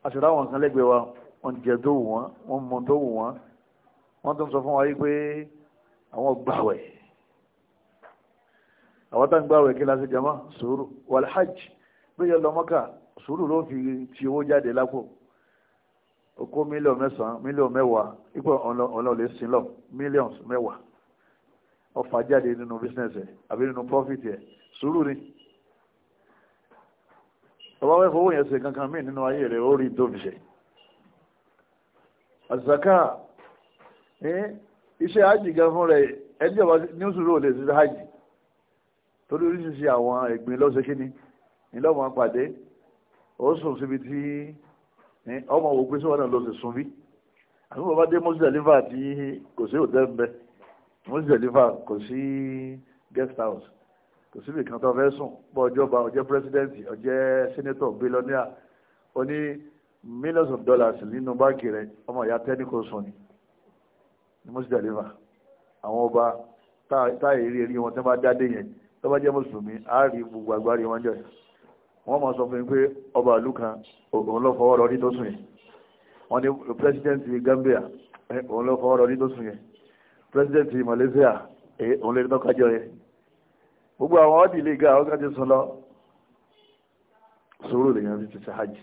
àṣìrá wọn kan lẹ́gbẹ̀ẹ́ wa wọ́n jẹ tó wù wọ́n wọ́n mọ tó wù wọ́n wọ́n tó ń sọ fún wa yí pé àwọn gbàwẹ̀ àwọn tá ń gbàwẹ̀ kí lásì jama sùúrù walhajj bóyá lọ́mọ́kà sùúrù ló fi ti owó jáde lápò ó kó mílíọ̀n mẹ́sàn-án mílíọ̀n mẹ́wàá ipò ọlọ́ọ̀lẹ́ sílọ̀ mílíọ̀n mẹ́wàá ọfà jáde nínú bísínẹ́sì ẹ̀ àbí nínú profit ẹ̀ sùúrù ni ọba wẹ́ fowó yẹn ṣe kankan míì nínú ayé rẹ̀ ó rí tó fi ṣe àzàkà iṣẹ́ hajj gan fún rẹ̀ ẹjọba ní sùúrù ò lè ṣe hajj torí oríṣiríṣi àwọn ẹ̀gbin lọ́sẹ̀ kínní ni lọ́mọ pàdé ó sùn síbi tí ọmọ òwò pé sọ́wọ́n náà ló sì sun bí àbí bàbá dé mọ́sídẹ̀lífà tí kò sí òtẹ́ ń bẹ mọ́sídẹ̀lífà kò sí guest house kò síbi kan tó fẹ́ sùn bọ́ ọjọ́ba ọjẹ́ pírẹsidẹ́ǹtì ọjẹ́ sẹ́nẹ́tọ̀ bílọ́níà ó ní millions of dollars nínú báńkì rẹ̀ ọmọ ìyá tẹ́ni kò sùn ni ní mọ́sídẹ̀lífà àwọn ọba táà èrí èrí wọn tẹ́ bá dá dé yẹn tó bá jẹ́ mùsùlùmí á rí gbogbo agbárí wọn jẹ́ wọ́n máa sọ fún mi pé ọba ìlú kan òun ló fọwọ́ rọrí tó sùn yẹn wọ́n ní president Gambia òun ló fọwọ́ rọrí tó sùn yẹn president Malaysia òun lè tọ́kájọ yẹn gbogbo àwọn ọ́dì lè ga ọgá ti sọ lọ sùúrù lèyàn ti ti sàájì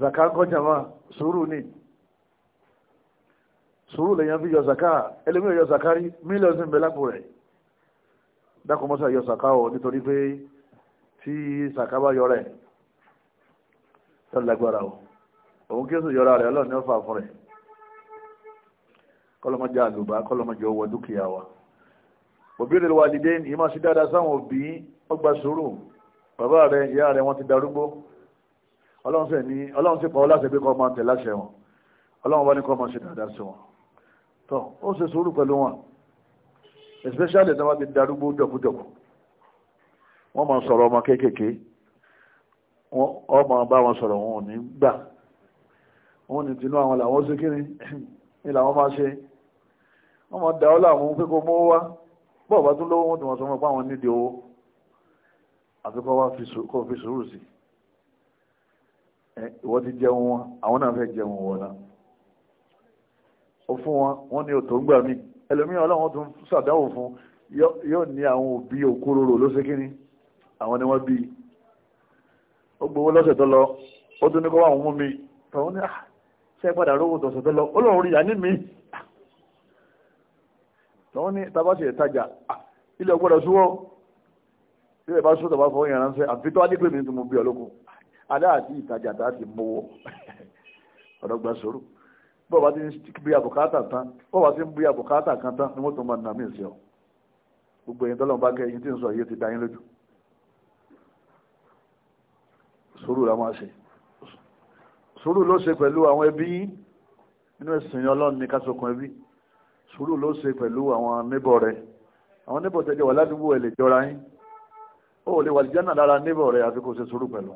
zaka kọjá máa sùúrù ni sùúrù lèyàn fi yọ zaka ẹlẹ́mìí yọ zaka rí mílíọ̀nù bẹ́lápò rẹ̀ dákun mọ́sá yọ sàká o nítorí pé tí sàká bá yọ rẹ̀ tó lágbára o òun kí ó sì yọra rẹ̀ ọlọ́run ní ọ̀fà fún rẹ̀ kọ́lọ́mọdé àlùbá kọ́lọ́mọdé owó dúkìá wa òbí rẹ̀ wà dìde ní ìmọ̀ sí dáadáa sáwọn òbí ọgbà sùúrù bàbá rẹ̀ ìyá rẹ̀ wọ́n ti darúgbó ọlọ́run sì pa ọ láti pé kọ́ máa tẹ̀ láṣẹ wọn ọlọ́run bá ní kọ́ máa ṣe dáadáa sí wọn tó ó ṣe sùúrù pẹ̀lú wọn especially tí wọ́n ti darúgbó dọ̀kúdọ̀kú wọ́n máa sọ̀rọ̀ ọmọ kéékèèké wọ́n máa bá wọn sọ̀rọ̀ wọn ò ní gbà wọ́n ní tinú àwọn làwọn ṣe kiri ní làwọn máa ṣe wọ́n máa dà ọ́ láwọn pé kó mówó wá bọ́ọ̀ bá tún lówó wọn tí wọ́n sọ fún àwọn nídìí owó àti kó wá fi sùúrù sí ìwọ ti jẹun wọn àwọn náà fẹ́ jẹun wọn náà ó fún wọn wọ́n ní òtò gbà míì ẹlòmíràn ọlọ́run tún ṣàdáwò fún yóò ní àwọn òbí òkúròrò ló ṣe kíní àwọn ni wọ́n bí i ó gbowó lọ́sẹ̀ tó lọ ó tún ní kó wàá mú mi tọ́wọ́n ní ah, ṣe é padà rówó tọ̀sẹ̀ tó lọ ó lọ́run rí ìyá ní mi tọ́wọ́n ní tabasi ìtajà ah, ilé ọgbọ́dọ̀ súwọ́ ilé ìbá súwọ́ tọ́ba fọwọ́ yẹn ránṣẹ́ àfi tó tó mú bí ọlọ́kùn adá ìtajà tá a ti bọ́ọ̀bá ti ń bí àbùkátà tán bọ́ọ̀bá ti ń bí àbùkátà kan tán ni wọ́n tó máa nà mí sí ọ gbogbo ẹ̀yin tọ́lọ́mù bá kẹ́ ẹ̀yin tí ń sọ yìí ti dá yín lójú sùúrù la máa ṣe sùúrù ló ṣe pẹ̀lú àwọn ẹbí nínú ẹ̀sìn ọlọ́run ní kásokùn ẹbí sùúrù ló ṣe pẹ̀lú àwọn níbọ̀ rẹ àwọn níbọ̀ tẹ́jọ wà ládùúgbò ẹ̀ lè jọra yín ó lè wà lìjánà lára níbọ̀ rẹ àfi kò ṣe sùúrù pẹ̀lú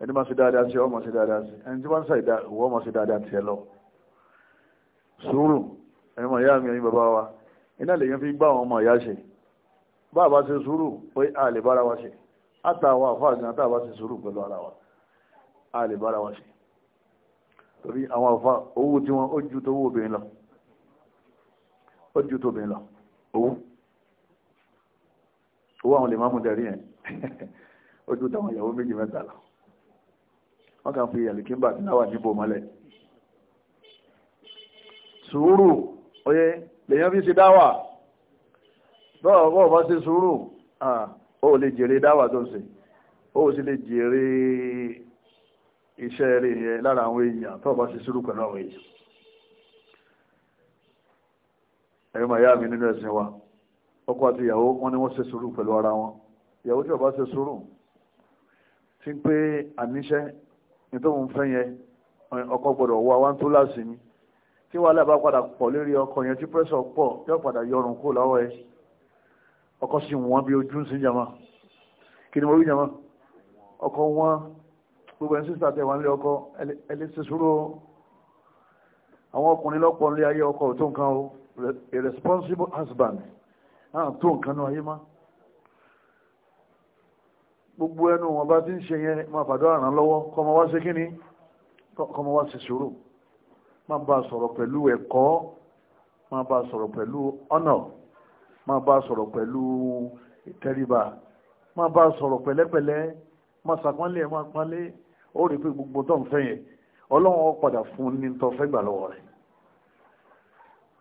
ẹni máa ṣe dáadáa sí ọmọ ṣe dáadáa sí ẹni tí wọ́n ń ṣàìdá ìwọ ọmọ ṣe dáadáa tiẹ̀ lọ sùúrù ẹ̀yin ọmọ ìyá mi ẹ̀yin bàbá wa iná lèyàn fi bá àwọn ọmọ ìyá ṣe bá a bá ṣe sùúrù pé a lè bára wa ṣe àtàwọn àfáàgàn tá a bá ṣe sùúrù pẹ̀lú ara wa a lè bára wa ṣe torí àwọn àfá owó tí wọ́n ó ju tó owó obìnrin lọ ó ju tó obìnrin lọ owó owó àwọn lè máa mú dẹ̀rí yẹn ó ju táwọn ìyàwó méjì mẹ́ta lọ wọ́n kàn fi àlìkínbà tí náà wà níbò mọ́lẹ̀ sùúrù oyè lèyàn fi ṣe dáwà bọ́ọ̀ bọ́ọ̀ bá ṣe sùúrù ó lè jèrè dáwà tó ń ṣe ó sì lè jèrè iṣẹ́ rẹ̀ yẹn lára àwọn èèyàn tó bá ṣe sùúrù pẹ̀lú àwọn èèyàn ẹ̀rí màá yá mi nínú ẹ̀sìn wa ọkọ àti ìyàwó wọn ni wọ́n ṣe sùúrù pẹ̀lú ara wọn ìyàwó tí ó ṣe sùúrù ti pé àníṣẹ́ nítorí òun fẹ́ yẹn ọkọ gbọ́dọ̀ wá wá tó láàsì tí wàhálà bá padà pọ̀ lórí ọkọ̀ yẹn tí pẹ́sọ̀ pọ̀ yóò padà yọrùn kó lọ́wọ́ ẹ ọkọ̀ sì wọ́n bí ojú sí jama kí ni mo rí jama ọkọ̀ wọn gbogbo ẹni sísà tẹ̀wọ́n lé ọkọ̀ ẹlẹ́sẹ̀sọ́rọ̀ àwọn ọkùnrin lọ́pọ̀ nílé ayé ọkọ̀ tó nǹkan o a responsible husband náà tó nǹkan náà ayé má gbogbo ẹnu wọn bá ti ń ṣe yẹn máa fàdó àràn lọ́wọ́ kọ́mọ wá sí kíni kọ́mọ wá sí sùúrù máa bá sọ̀rọ̀ pẹ̀lú ẹ̀kọ́ máa bá sọ̀rọ̀ pẹ̀lú ọ̀nà máa bá sọ̀rọ̀ pẹ̀lú ìtẹríba máa bá sọ̀rọ̀ pẹ̀lẹ́pẹ̀lẹ́ máa sàpánlé ẹ̀ máa pánlé ó rí pé gbogbo tó ń fẹ́ yẹn ọlọ́run ó padà fún ní tó fẹ́ gbà lọ́wọ́ rẹ̀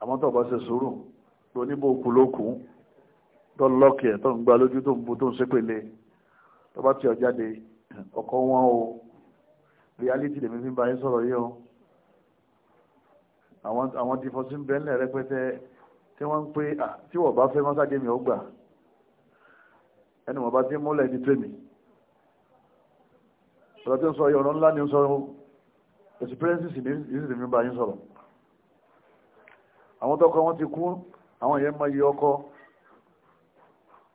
àmọ́ tó bá ṣe sùúrù lóníbò kú lókùn tó lọ́ọ̀kì ẹ̀ tó ń gba lójú tó ń bu tó ń ṣépele tó bá ti ọ̀ jáde ọkọ̀ wọn o reality lèmi fi ń bá yín sọ̀rọ̀ yìí o àwọn ti fọsí ń bẹ ńlẹ̀ rẹpẹtẹ tí wọ́n ń pé tí wọ́n bá fẹ́ mọ́sáàgé mi ó gbà ẹni wọ́n bá ti múlẹ̀ ní tèmi ọ̀rọ̀ tí ó sọ ọ̀rọ̀ ńlá ni ó sọ experiences ní ìsìnkú mi bá yín sọ̀rọ̀ àwọn tọkọ wọn ti kú àwọn yẹn mọ iye ọkọ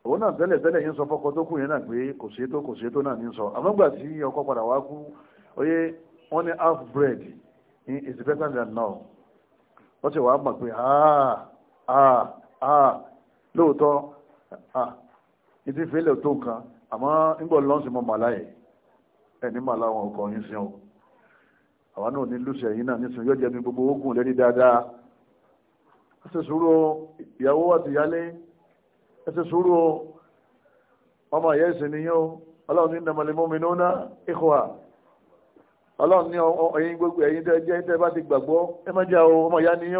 òun náà tẹ́lẹ̀ tẹ́lẹ̀ yín sọ fọ́kọ tó kù yẹn náà pé kò sí tó kò sí tó náà ní sọ àmọ́ gbà tí ọkọ padà wá kú oyé wọ́n ní half bread is better than now wọ́n sì wá mọ̀ pé ah, ah, ah, lóòótọ́ ìdí ìfẹ́lẹ̀ tó nǹkan àmọ́ nígbọ̀ lọ́nsì mọ́ màlá yẹ ẹni màlá wọn ọkọ̀ yín sí ọ́n àwọn náà ní lùsẹ̀ yìí náà nísìnyí yóò jẹ́ mi gbogbo ogun lẹ́ni dáadáa ẹ ṣe sùúrù ìyàwó àti ìyálé ẹ ṣe sùúrù ọmọ ìyá ìsìn nìyẹn ọlọ́run ní ìdàmọ̀lẹ́mọ́mi náà ikhwa ọlọ́run ní ẹ̀yin gbogbo ẹ̀yin tẹ́ jẹ́ tẹ́ bá ti gbàgbọ́ ẹ má jà o ọmọ ìyá ni yín o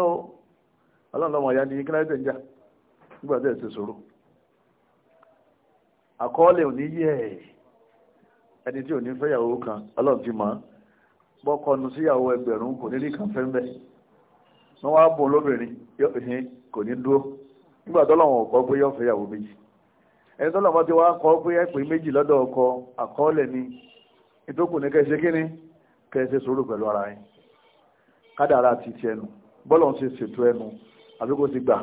ọlọ́run lọ́mọ ìyá ni yín kí náà tẹ̀ ń jà nígbà tẹ̀ ṣe àkọọ́lẹ̀ ò ní ẹni tí ò ní fẹ́yàwó kan ọlọ́run ti mọ̀ bọ́kọnu síyàwó ẹgbẹ̀rún kò ní rí kan fẹ́ mbẹ́ wọ́n wá lóbìnrin kò ní dúró nígbà tọ́lọ́run ọ̀kọ́ pé kẹsẹ sùúrù pẹ̀lú ara yín kádàrá ti ti ẹnu bọ́lọ̀ ń ṣe ṣètò ẹnu àbí kò ti gbà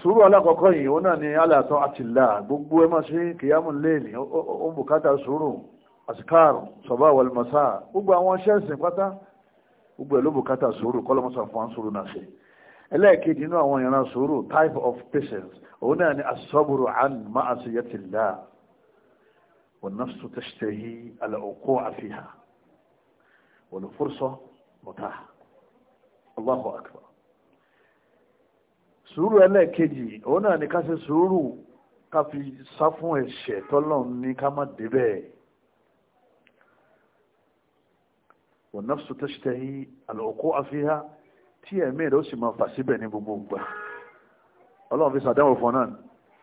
sùúrù alákọ̀ọ́kọ́ yìí ó náà ni aláàtọ̀ àtìlá gbogbo ẹ máa ṣe kìyàmù léèlì ó ń bùkátà sùúrù àsìkáàrù sọ̀bá wàlùmọ̀sá gbogbo àwọn ṣẹ́ǹsìn pátá gbogbo ẹ̀ ló bùkátà sùúrù kọ́lọ́mọ́sà fún àǹsùúrù náà ṣe ẹlẹ́ẹ̀kejì nínú àwọn ìran sùúrù type of patience òun náà ni asọ́bùrù àn máa ṣe yẹtìlá والنفس تشتهي الوقوع فيها والفرصة متاحة الله أكبر sùúrù ẹlẹ́ẹ̀kejì òun náà ni ká ṣe sùúrù ká fi sá fún ẹ̀ṣẹ̀ tọ́lọ́run ní ká má débẹ̀ والنفس تشتهي الوقوع فيها tí ẹ̀mí rẹ̀ ó sì máa fà síbẹ̀ ní gbogbo ìgbà ọlọ́run fi sàdáwò fọ́nà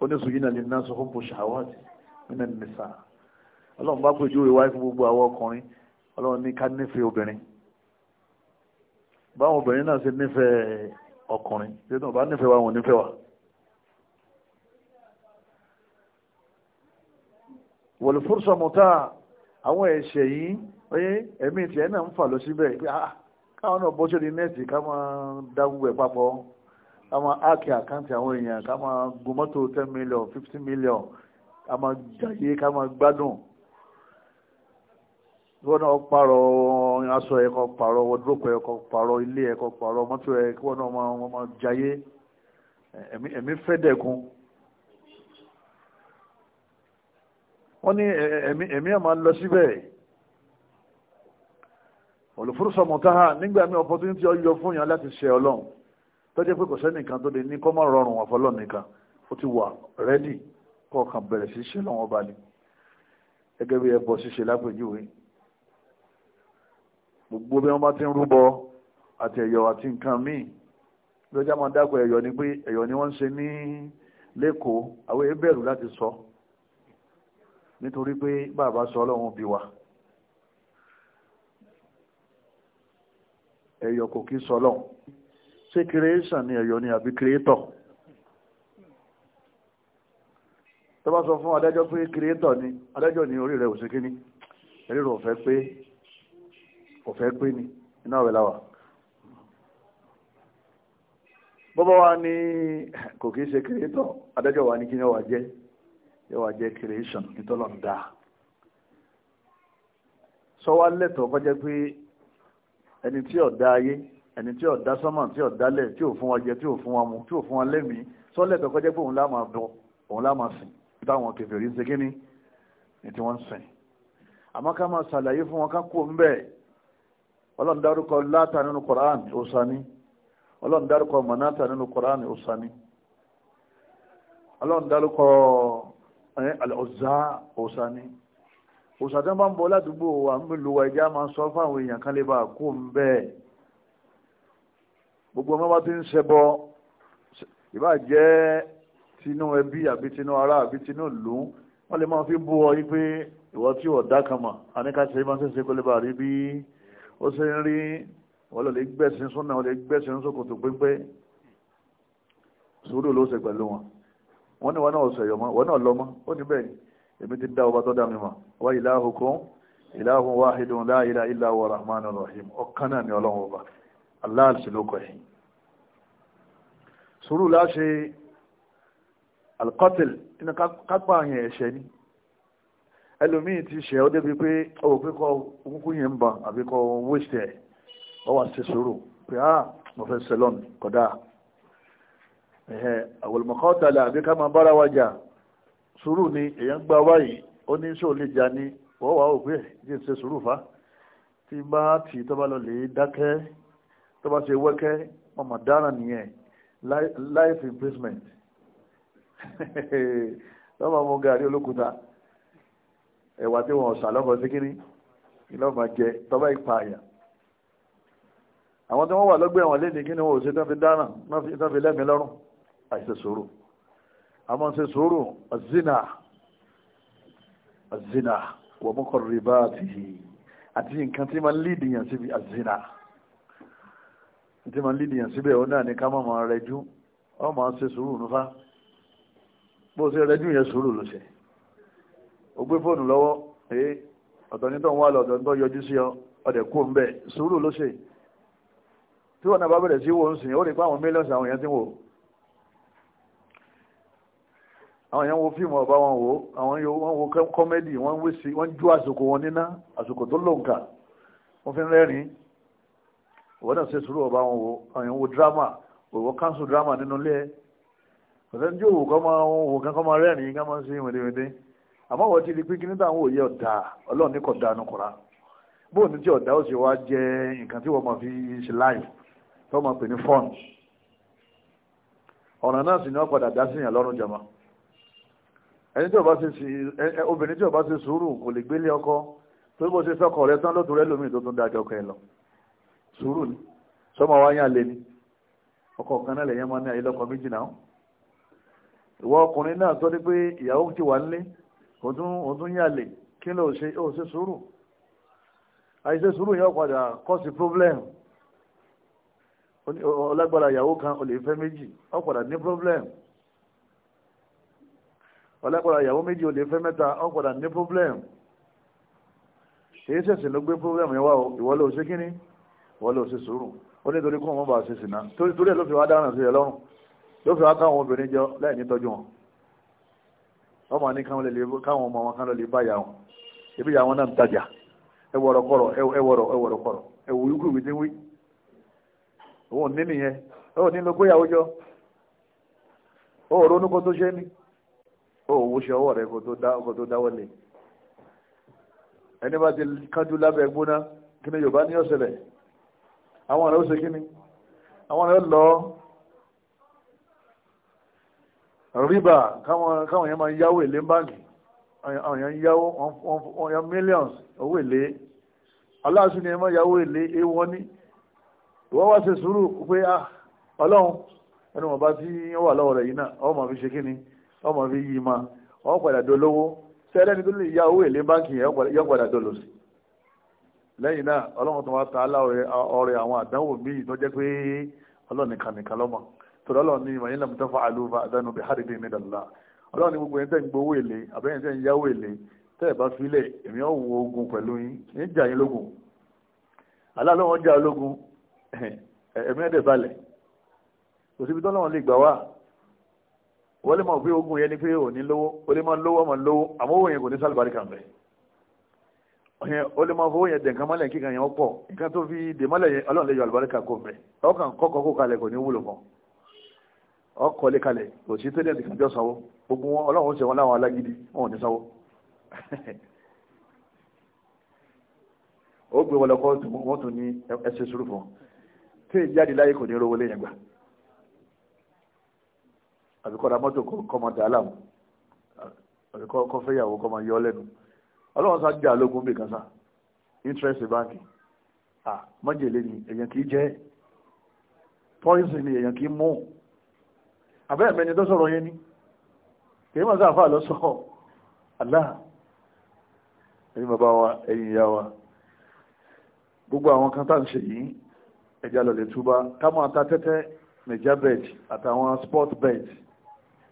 ó ní sùúrù yìí náà lè ná sọ fún bó ṣàwádìí nínú ẹ̀mí sáà ọlọ́run bá pèjú ìwá fún gbogbo àwọn ọkùnrin ọlọ́run ní ká nífẹ̀ẹ́ obìnrin báwọn obìnrin náà ṣe nífẹ̀ẹ́ ọkùnrin tí tó bá nífẹ̀ẹ́ wa wọn nífẹ̀ẹ́ wa wọ̀lùfúrúsọ mọ̀tá àwọn ẹ̀ṣẹ̀ yìí oyé ẹ̀mí tiẹ̀ náà ń fà lọ síbẹ̀ pé ah káwọn náà bọ́ sórí nẹ́ẹ̀tì ká máa dá gbogbo ẹ̀ papọ̀ ká máa áàkì àkáǹtì àwọn èèyàn ká máa gun mọ́tò ten million fifteen million ká máa jàyé ká máa gbádùn wọ́n náà pààrọ̀ aṣọ ẹ̀kọ́ pààrọ̀ wọ́dúrópù ẹ̀kọ́ pààrọ̀ ilé ẹ̀kọ́ pààrọ̀ mọ́tò ẹ̀kọ́ wọ́n náà máa máa jayé ẹ̀mí fẹ́ dẹ̀kun wọ́n ní ẹ̀mí ẹ̀ máa lọ síbẹ̀ olùfúrúsọ mọ̀táhà nígbà mi opportunity ọyọ fún yàn láti ṣe ọlọ́run tó jẹ́ pé kò sẹ́nìkan tó lè ní kọ́ máa rọrùn àfọlọ́ nìkan ó ti wà rẹ́dì kọ̀ọ̀kan bẹ̀rẹ̀ sí ṣe lọ́wọ́ bá ní gẹ́gẹ́ bí ẹbọ ṣíṣe lápèjúwe gbogbo bí wọ́n bá ti ń rúbọ àti ẹ̀yọ̀ àti nǹkan míì lọ́jà máa dákọ̀ ẹ̀yọ̀ ni pé ẹ̀yọ̀ ni wọ́n ń ṣe ní lẹ́kọ̀ọ́ àwọn ebẹ̀rù láti sọ nítorí pé bàbá sọ ọlọ́run bí wa ẹ̀yọ̀ kò kí sọ lọ́hùn ṣé kírẹ́sàn ni ẹ̀yọ̀ ni àbí kírẹ́tọ̀ tó bá sọ fún adájọ́ pé kírẹ́tọ̀ ni adájọ́ ni orí rẹ̀ ò sí kíní ẹ̀rí rẹ̀ ò fẹ́ pé kò fẹ́ pé ni iná ọ̀rẹ́ láwà bọ́bọ́ wa ní kò kìí ṣe kìrìtọ̀ adájọ́ wa ní kí yóò wá jẹ́ yóò wá jẹ́ creation nítọ́lọ̀ ń dá sọ wá lẹ́tọ̀ọ́ kọjá pé ẹni tí ó dá ayé ẹni tí ó dá sánmà tí ó dálẹ̀ tí ò fún wa jẹ tí ò fún wa mu tí ò fún wa lẹ́mìí sọ lẹ́tọ̀ọ́ kọjá pé òun lá máa bọ òun lá máa sìn táwọn kèfèrí ń ṣe kí ni ni tí wọ́n ń sìn àmọ́ ká máa ṣàlàyé fún wọn ká kú ń bẹ́ẹ̀ ọlọ́run dárúkọ láta nínú koran òsàní ọlọ́run dárúkọ manata nínú koran òsàní ọlọ́run dárúkọ ọ̀zá òsàní òsàtẹ́ bá ń bọ́ ládùúgbò wa ń bí luwa ẹjá máa sọ fáwọn èèyàn kan lè bá kó ń bẹ́ẹ̀ gbogbo ọmọ bá ti ń ṣẹbọ ìbá jẹ́ tinú ẹbí àbí tinú ará àbí tinú ìlú wọ́n lè máa fi bú ọ yí pé ìwọ tí ọ̀dá kan mà àníkàṣe máa ń ṣẹ̀ṣẹ̀ kó lè bá rí bíi ó ṣe ń rí wọ́n lè gbẹ̀sìn súnà wọ́n lè gbẹ̀sìn sókòtò pínpín sùúrù ló ṣe pẹ̀lú wọn wọ́n ní wọn náà ọ̀sẹ̀ yọ̀mọ́ wọn náà lọ́mọ́ ó ní bẹ́ẹ̀ èmi ti dá ọba tó dá wá ilahukum ilahun wahidun la ilaha illa rahim ọ̀kan náà ni ọlọ́run ọba aláàlùsí ló kọ̀ yìí sùúrù láṣẹ alqatil ní kápá àyàn ẹ̀ṣẹ̀ ẹlòmíì ti ṣe ọ débi pé ọwọ́ pé kọ́ kúkú yẹn ń bà àbí kọ́ wíṣẹ̀ ẹ̀ ọ wà ṣe sòrò pé ah mo fẹ́ sẹlọ́n kọ̀dá ẹ̀hẹ́ àwòlùmọ̀kọ́ tàlẹ̀ àbí ká máa bára wájà sùúrù ni èèyàn gba wáyìí ó ní sóò lè jà ní wọ́n wà ó pé eh, jíjìn ṣe sùúrù fa tí bá tì tó bá lọ lè dákẹ́ tó ṣe wẹ́kẹ́ mọ̀mọ̀ dára nìyẹn life imprisonment lọ́mọ mo gàrí olókùúta ẹ̀wà tí wọ́n sà lọ́mọ sí kínní ìlọ́mọ jẹ tọ́ba ìpààyàn àwọn tí wọ́n wà lọ́gbẹ́ ẹ̀wọ̀n lé ní kí ni wọ́n ò ṣe tán fi dáná tán fi lẹ́mìí lọ́rùn àìṣe sùúrù àmọ́ ṣe sùúrù azina azina wọ́n mú kọ́ rìbá àti àti nǹkan tí máa ń lídìí síbi azina tí máa ń lídìí síbẹ̀ òun náà ní ká má máa rẹjú ọ́ máa ṣe sùúrù nufa bó ṣe rẹjú yẹn sùúrù ló ṣe ó gbé fóònù lọ́wọ́ ee ọ̀tọ̀ ní tó ń wá lọ ọ̀tọ̀ ní tó yọjú sí ọ ọ̀dẹ̀ kú ń bẹ̀ sùúrù ló ṣe tí wọn náà bá bẹ̀rẹ̀ sí wo ń sìn ó rí pé àwọn mílíọ̀nù àwọn èèyàn ti wò àwọn èèyàn wo fíìmù ọba wọn wò àwọn yòó wọn wo kọ́mẹ́dì wọn wé sí wọn ju àsìkò wọn níná àsìkò tó lóǹkà wọn fi ń rẹ́rìn wọn náà ṣe sùúrù ọba wọn wò àwọn èèyàn wo dírámà òwò káńsù dírámà nínú ilé ẹ̀ ọ̀sẹ̀ ní àmọ́ wọ́n ti di pé kí nígbà àwọn òye ọ̀dà ọlọ́run ní kò dánú kura bóun ní tí ọ̀dà ó sì wá jẹ́ nǹkan tí wọ́n máa fi ṣe láì tó máa pè ní fọ́ọ̀n ọ̀ràn náà sì ní wọ́n padà dá sí yàn lọ́rùn jọmọ ẹni tí ó bá ṣe sí obìnrin tí ó bá ṣe sùúrù kò lè gbélé ọkọ tó bó ṣe sọkọ rẹ tán lótú rẹ lómi tó tún dájọ ọkọ ẹ lọ sùúrù ni sọmọ wa yàn lé ni ọkọ kan náà lè yẹn máa ní ayélujára méjì náà ìwọ ọkùnrin náà tó ní pé ìyàwó ti wà nílé òtún yàlè kí ló ṣe ó ṣe sùúrù àìṣe sùúrù yóò padà kọ́sì problem ọlágbára ìyàwó kan olè fẹ́ méjì ó padà ní problem ọlágbára ìyàwó méjì olè fẹ́ mẹ́ta ó padà ní problem èyí ṣẹ̀ṣẹ̀ ló gbé problem yẹn wá ìwọ ló ṣe kíní ìwọ ló ṣe sùúrù ó ní torí kó wọn bá ṣe sìnà torí ẹ̀ ló fi wá dáràn sí ẹ lọ́rùn ló fi wá káwọn obìnrin jọ láì ní tọ́jú wọn wọ́n máa ní káwọn ọmọ wọn kán lọ lè bá ìyá wọn ebi ìyá wọn náà ń tajà ẹwọ̀rọ̀ kọ̀rọ̀ ẹwọ̀rọ̀ ẹwọ̀rọ̀ kọ̀rọ̀ ẹwù ikú ìwé níwí òun ní nìyẹn òun ní lóko ìyàwó jọ òun ronú kó tó ṣe ní òun wo ṣe ọwọ́ rẹ kó tó dáwọ́ lé ẹni bá ti kánjú lábẹ́ gbóná kí ni Yorùbá ní ọ̀sẹ̀ rẹ̀ àwọn ọ̀rẹ́ ó ṣe kí ni àwọn ọ̀rẹ́ lọ́ọ́ rìbá káwọn yẹn máa yáwó èlé ń báàgì àwọn yẹn yáwó wọn yá millions owó èlé aláàṣù ni ẹ máa yáwó èlé ewọ́ ní ìwọ́ wá ṣe sùúrù pé ah, ọlọ́run ẹnu mọ̀ bá tí ó wà lọ́wọ́ rẹ̀ yìí náà ọmọ fi ṣe kíni ọmọ fi yí ma ọmọ padà dolówó sẹ́lẹ̀ ní tó lè yá owó èlé báńkì yọ padà dolo sí lẹ́yìn náà ọlọ́run tó wá ta aláwọ̀ ọrẹ àwọn àdánwò míì tó jẹ́ pé ọlọ́run nìkan nìkan lọ́mọ tọ́lá lọ ní ìwọ̀nyí lọ́mú tó fa àlùfà àdánù bí hàrìbí mi dàlá ọlọ́run ní gbogbo yẹn tẹ́ ń gbowó èlé àbẹ́yẹn tẹ́ ń yáwó èlé tẹ́ ẹ̀ bá filẹ̀ èmi ò wo ogun pẹ̀lú yín ní jà yín lógun aláàlọ́wọ́n jà lógun ẹ̀mí ẹ̀dẹ̀ balẹ̀ kò síbi tọ́lọ́run lè gbà wá wọ́n lè mọ̀ pé ogun yẹn ni pé ò ní lówó ó lè máa lówó máa lówó àmọ́ owó yẹn kò ní sálùbáríkà ń bẹ̀ ó lè máa fowó yẹn dẹ̀ nǹkan mọ́lẹ̀ kíkan yẹn ó pọ̀ nǹkan tó fi dè mọ́lẹ̀ yẹn ọlọ́run lè yọ àlùbáríkà kò ń bẹ̀ ọkàn kọ́kọ́ kó kalẹ̀ kò ní wúlò kan ọkọ̀ lé kalẹ̀ kò sí tẹ́lẹ̀ nìkan jọ sanwó gbogbo wọn ọlọ́run ṣe wọn láwọn alágídí wọn ò ní sanwó ó gbé wọn lọ kóòtù wọn tún ní ẹsẹ̀ sùúrù fún wọn tí ìjáde láyé kò ní rówó lẹ́yìn gbà àbíkọ́ra mọ́tò kọ́mọ dà láàmú àbíkọ́ kọ́fẹ́yàwó kọ́mọ yọ lẹ́nu ọlọ́run sá jà lógun bí kan sá interest báńkì ah mọ́jèlé ni èèyàn kì í jẹ́ poison ni èèyàn kì í mú àbẹ́ ẹ̀mẹ́ni tó sọ̀rọ̀ yẹn ni kìí máa sáfà lọ sọ aláà ẹ̀yin bàbá wa ẹ̀yin ìyá wa gbogbo àwọn kan tá ń ṣe yìí ẹja lọ túbá ká máa tẹ́tẹ́ nàìjà bet àtàwọn sport bet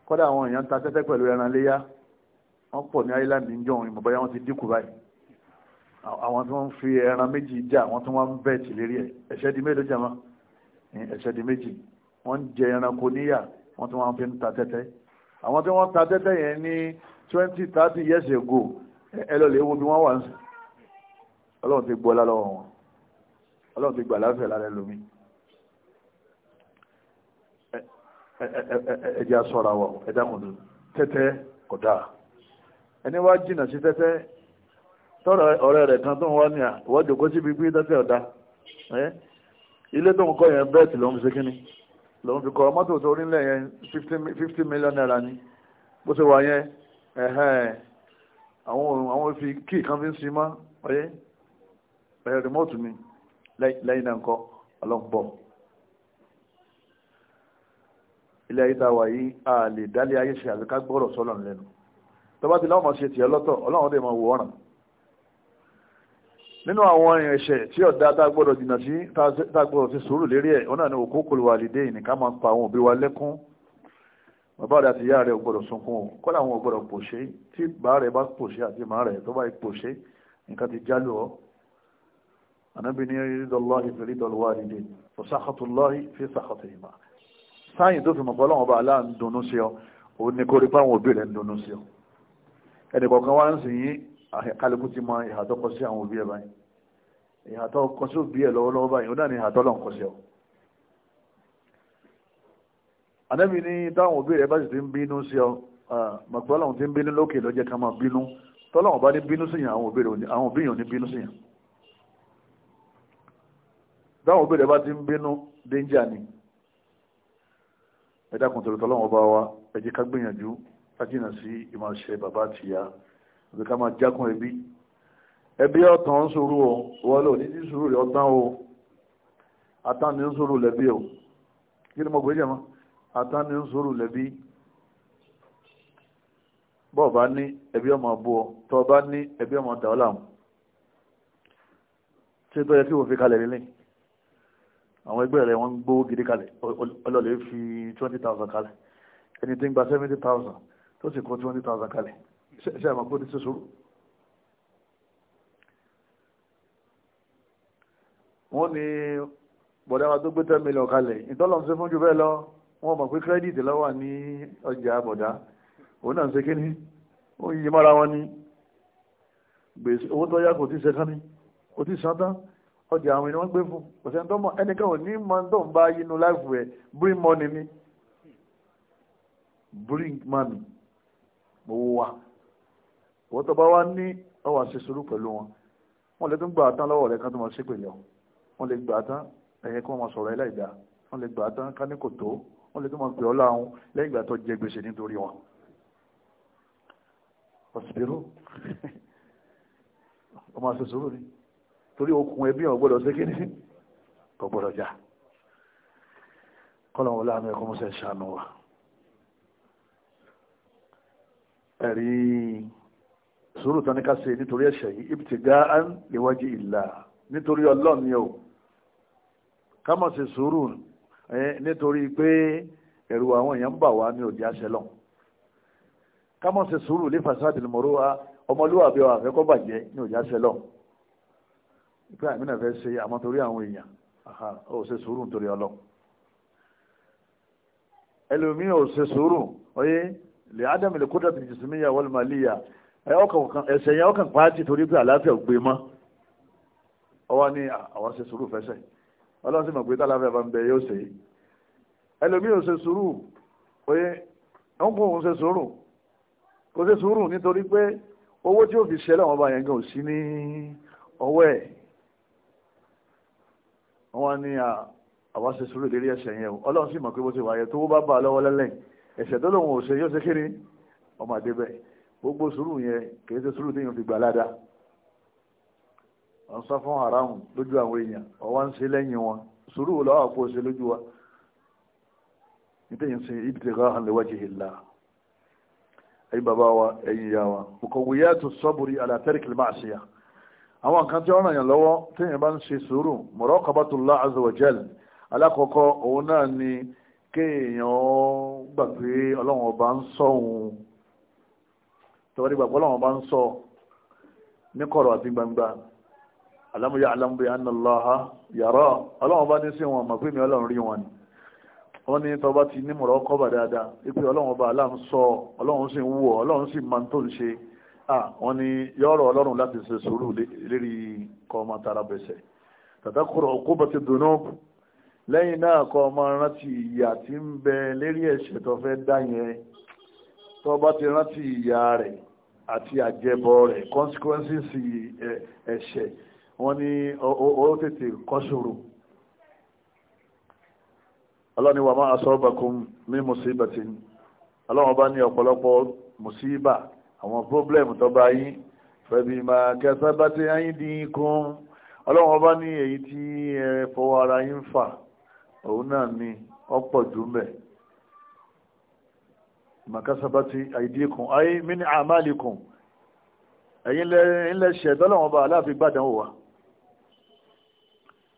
kọ́dà àwọn èèyàn ta tẹ́tẹ́ pẹ̀lú ẹran léyà wọ́n pọ̀ ní island níjọ́ òun ìmọ̀báyá wọn ti dínkù báyìí àwọn tí wọ́n fi ẹran méjì jà àwọn tí wọ́n wọ́n tí wọ́n fi ń ta tẹ́tẹ́ àwọn tí wọ́n ta tẹ́tẹ́ yẹn ní twenty thirty years ago ẹ lọ lè wo bí wọ́n wà ń sìn ọlọ́run ti gbọ́ lálọ́wọ́ wọn ọlọ́run ti gbà láfẹ̀ẹ́ lára ẹlòmíì ẹjẹ́ aṣọ́ra wọ̀ ẹ̀dàkùnrin tẹ́tẹ́ kódà ẹni wá jìnà sí tẹ́tẹ́ tọ́rọ ọ̀rẹ́ rẹ̀ kan tó ń wá ní àwọ́jọ́ kó síbi pé tẹ́tẹ́ ọ̀dà ilé tó ń kọ́ yẹn bẹ́ẹ̀tì ló ń ṣe kíní lòun fi kọ́ mọ́tò tó rí nílẹ̀ yẹn fifty million naira ni bó ṣe wà yẹn àwọn àwọn fi kí kan fi ń sin mọ́ ọyẹ́ ẹ̀yẹ rìmọ́ọ̀tù mi lẹ́yìn náà kọ́ ọlọ́pọ̀ ilé ayé tá a wà yìí a lè dálé ayé ṣe àbíká gbọ́rọ̀ sọ́lọ̀ lẹ́nu tọ́ba ti láwọn máa ṣe tiẹ̀ lọ́tọ̀ ọlọ́run dè máa wò ọ̀ràn nínú àwọn ẹ̀ṣẹ̀ tí ọ̀dá tá gbọ́dọ̀ jìnnà sí tá gbọ́dọ̀ ti sùúrù lérí ẹ̀ ọ̀nà ni òkú kò wà lédè ìní ká máa ń pa àwọn òbí wa lẹ́kún bàbá rẹ̀ àti ìyá rẹ̀ ògbọ́dọ̀ sunkún o kọ́lá àwọn ògbọ́dọ̀ pòṣé tí bá rẹ̀ bá pòṣé àti màá rẹ̀ tó bá pòṣé nǹkan ti jálù ọ́ ànábì ní rídọ́láhi fi rídọ́lùwà lédè kálukú ti mọ ìhà tó kọ sí àwọn òbí ẹ báyìí ìhà tó kọ sí òbí ẹ lọ́wọ́lọ́wọ́ báyìí ó náà ní ìhà tó lọ́n kọ sí ọ. ànábì ní táwọn òbí rẹ bá sì ti ń bínú sí ọ màgbọ́ làwọn ti ń bínú lókè ló ká máa bínú tọ́lọ́wọ́n bá ní bínú síyàn àwọn òbí rẹ ò ní bínú síyàn. táwọn òbí rẹ bá ti ń bínú dénjà ni ẹ̀dá kùntòrò tọ́lọ́wọ́n bá wa ẹ jẹ́ ká gbìyànjú lájìnà sí ìmọ̀ ṣe bàbá àtìyá àti ká máa jákun ẹbí ẹbí ọ̀tàn ń sòrò o wọ́n lò ní sùúrù rẹ̀ ọ̀tàn o atán ní ń sòrò lẹ́bí o kí ni mo gbé jẹ́ mọ́ atán ní ń sòrò lẹ́bí bọ́ọ̀ bá ní ẹbí ọmọ bú ọ tọ́ bá ní ẹbí ọmọ dà ọ́ làwọn ṣé tó yẹ kí wọ́n fi kalẹ̀ lélẹ̀ àwọn ẹgbẹ́ rẹ̀ wọ́n ń gbó gidi kalẹ̀ ọlọ́lẹ̀ fi twenty thousand kalẹ̀ ẹni tí ń gba seventy thousand tó sì kó twenty thousand kalẹ̀ ṣe àmọ́ kó ní sí sùúrù. wọ́n ní bọ̀dá wa tó gbé ten million kalẹ̀ ìtọ́lọ̀ ń ṣe fún jù bẹ́ẹ̀ lọ wọ́n mọ̀ pé kírẹ́dìtì lọ́wọ́ ní ọjà bọ̀dá òun náà ń ṣe kíní ó yí mọ́ra wọn ní gbèsè owó tó yá kò tí ì ní kò tí ì tán ọjà àwọn ènìyàn gbé fún ọ̀sẹ̀ tó mọ̀ ẹnìkan ní mọ ń bá yínú láìfù ẹ̀ bring money ni bring money mo wà wọ́n tó bá wá ní ọwọ́ àṣeṣorú pẹ̀lú wọn wọ́n lè tún gbà tán lọ́wọ́ rẹ̀ kán tó máa ṣe pẹ̀lẹ́ wọ́n lè gbà tán ẹ̀yẹ kí wọ́n máa sọ̀rọ̀ ẹlẹ́gbàá wọ́n lè gbà tán ká ní kò tó wọ́n lè tún máa pè ọ́ láhùn lẹ́yìn ìgbà tó jẹ gbèsè nítorí wọn. ọ̀sìnbẹ̀rù ọmọ àṣeṣorú ni torí okùn ẹbí ọ̀ gbọ́dọ̀ sékéni kò gbọ́dọ̀ já kọ́lọ̀ wọn láàánú ẹ̀kọ́ mọ́sẹ̀ ṣàánú wa. ẹ̀rí sùúrù tán ní ká ṣe nítorí ẹ̀ṣẹ̀ yìí ibtiga'an liwaji illah nítorí ọlọ́run yóò ká má ṣe sùúrù nítorí pé ẹ̀rù àwọn èèyàn ń bà wá ní òdì àṣẹ lọ ká má ṣe sùúrù lè fasad al-muru'a ọmọlúwàbí wa fẹ́ kọ́ bàjẹ́ ní òdì àṣẹ lọ pé àmì fẹ́ ṣe àmọ́ torí àwọn èèyàn ó ṣe sùúrù nítorí ọlọ́run ẹlòmíràn ò ṣe sùúrù ọyẹ́ li adam al-qudrati al-jismiyya wal-maliyya ẹ̀sẹ̀ yẹn ọkàn pàtì torí pé àlàáfíà ò gbé mọ́ ọwọ́ ní àwọn ṣe sùúrù fẹsẹ̀ ọlọ́run sì mọ̀ pé tálàfẹ́ bá ń bẹ yóò ṣe ẹlòmíì ò ṣe sùúrù oye ó ń kó òun ṣe sùúrù kò ṣe sùúrù nítorí pé owó tí ó fi ṣẹlẹ̀ wọn bá yẹn gan ò sí ní ọwọ́ ẹ̀ wọ́n ní àwọn ṣe sùúrù lérí ẹ̀ṣẹ̀ yẹn o ọlọ́run sì mọ̀ pé bó ṣe wáyé tó bá bà lọ́wọ́ lẹ́lẹ̀ ẹ̀ṣẹ̀ tó lòun ò ṣe yóò ṣe kiri ọmọ àdébẹ̀ gbogbo sùúrù yẹn kìí ṣe sùúrù téèyàn fi gbà ládàá wọ́n sá fún haramu lójú àwọn èèyàn ọwọ́ ń ṣe lẹ́yìn wọn sùúrù lọ́wọ́ àpò ṣe lójú wa nítorí sin ibtigha an liwajhillah ẹ̀yin bàbá wa ẹ̀yin ìyá wa mukawiyatu àwọn nǹkan tí wọ́n ràn lọ́wọ́ téèyàn bá ń ṣe sùúrù alákọ̀ọ́kọ́ òun náà ni kéèyàn ọba ń tọ́wọ́rí gbàgbọ́ làwọn bá ń sọ ní kọ̀rọ̀ àti gbangba alámúyá alámúbí análáha yàrá ọlọ́wọ́n bá ní sí wọn mi ọlọ́run rí wọn ni wọ́n ní bá ti ní mọ̀rọ̀ kọ́bà dáadáa wípé ọlọ́run bá aláàmú sọ ọlọ́run sì ń wù ọlọ́run sì máa ń tó ń ṣe wọ́n ní yọ̀rọ̀ ọlọ́run tara bẹ̀sẹ̀ bá ti dùnú lẹ́yìn náà rántí ìyà ń bẹ tó bá ti rántí ìyá rẹ̀ àti àjẹbọ rẹ̀ consequences ẹ̀ṣẹ̀ wọ́n ní ó tètè kọ́ṣòro Allah ni wa ma asabakum min musibatin Allah bá ní ọ̀pọ̀lọpọ̀ mùsíbà àwọn problem tó bá yín fẹ́bi ma kasabat aydikum Allah bá ní èyí tí ẹ fọwọ́ ara yín fà òun náà ni ọ̀pọ̀ jù mẹ́ẹ̀ makasabati àìdíkùn ayé mini àmàlìkùn ẹ̀yin lẹ́ṣẹ̀ tọ́lọ́wọ́n bá aláàfin gbàdánwò wa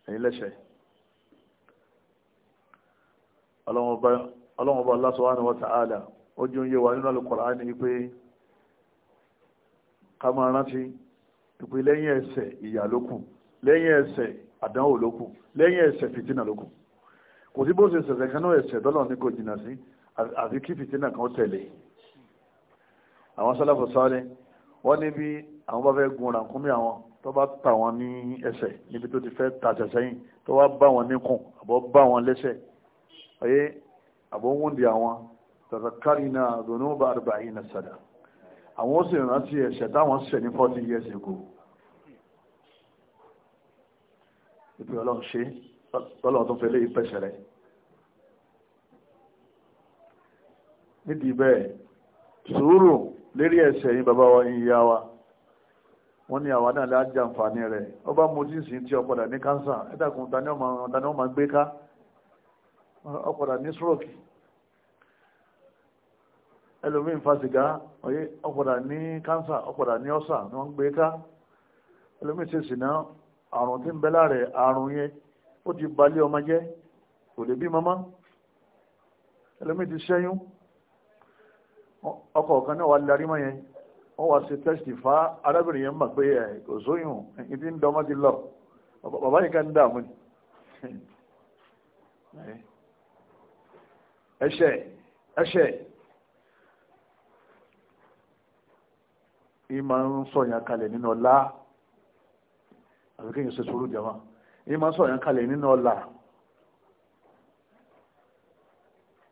ẹ̀yin lẹ́ṣẹ̀ ọlọ́wọ́n bá Allah subhanahu wa ta'ala ó jí oúnjẹ wà nínú Al-Qur'ani ní pé ká máa rántí ìpè lẹ́yìn ẹ̀ṣẹ̀ ìyà lókù lẹ́yìn ẹ̀ṣẹ̀ àdánwò lókù lẹ́yìn ẹ̀ṣẹ̀ fìtínà lókù kò sí bó ṣe ṣẹ̀ṣẹ̀ kan náà ẹ̀ṣẹ̀ ní kò jìnnà sí àfi kí fìtínà kan tẹ̀lé àwọn sálàfọ̀ sáré wọ́n ní bí àwọn bá fẹ́ gun ràkúnmí àwọn tó bá ta wọn ní ẹsẹ̀ níbi tó ti fẹ́ tàṣẹ sẹ́yìn tó wá bá wọn níkùn àbọ̀ bá wọn lẹ́sẹ̀ ọyẹ àbọ̀ ń wúndì àwọn tàbí kárí náà ronú bá àdúgbò àyè náà sàdà àwọn ó sì rántí ẹ̀ṣẹ̀ táwọn ṣẹ̀ ní forty years ago ìpè ọlọ́run ṣe ọlọ́run tó fẹ́ lé ìpẹ́sẹ̀ rẹ̀. nídìí bẹ́ẹ̀ sùúrù lérí ẹ̀ṣẹ̀ yín bàbá wa yín yá wa wọ́n ní àwa náà lájà àǹfààní rẹ̀ ó bá mojú sí ti ọ̀padà ní kánsà ẹ̀dàkùn tani ọmọ gbé ká ọ̀padà ní stroke ẹlòmíín fa sìgá ọyẹ ọ̀padà ní kánsà ọ̀padà ní ọ̀sà ni wọ́n gbé ká ẹlòmíín ṣe sìnà àrùn tí ń bẹ láàrẹ̀ àrùn yẹn ó ti balẹ̀ ọmọ jẹ́ kò lè bí mọ́mọ́ ẹlòmíín ti ṣẹ́yún ọkọ̀ ọ̀kan náà wà darí mọ́ yẹn wọ́n wá ṣe tẹ́sítì fá arábìnrin yẹn mọ̀ pé ẹ̀ eh, kò sóyún tí ń dọ́mọ́ ti lọ bàbá yìí ká ń dààmú ni ẹ̀ṣẹ̀ ẹ̀ṣẹ̀ yìí máa ń sọ̀yàn kalẹ̀ nínú ọlá àbí ṣe yìí máa ń sọ̀yàn kalẹ̀ nínú ọlá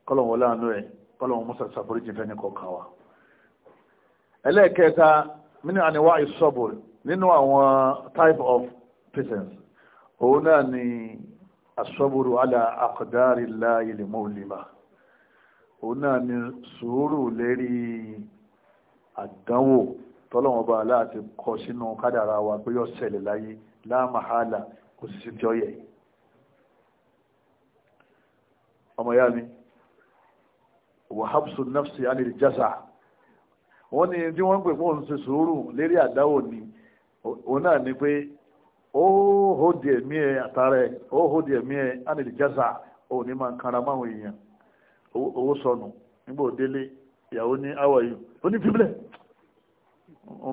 kọ́lọ̀ wọlé àánú ẹ̀. kọ́lọ̀wọ́n musa sàforíjì fẹ́ni kọ̀ọ̀kan wa ẹlẹ́ẹ̀kẹta mini àníwá ìsọ́bù nínú àwọn type of patience òun náà ni asọ́bùrù alá àkọ̀dárì láyìlì mọ́ọ̀lìmá òun náà ni sùúrù lérí àdánwò tọ́lọ́wọ́n bá láti kọ sínú kádàrá wa pé yọ ṣẹlẹ̀ láyé láàmàhálà kò sì sí tí ọmọ yá mi wà habsun nafsi anil jaza wọ́n ní tí wọ́n ń pè fún òun ṣe sùúrù o àdáwò ni òun náà ni pé ó hó di ẹ̀mí ẹ̀ àtàrẹ karama hó di ẹ̀mí ẹ̀ anil jaza òun ní ya ń kanra awa èèyàn owó sọnù nígbà òdélé ìyàwó ní how o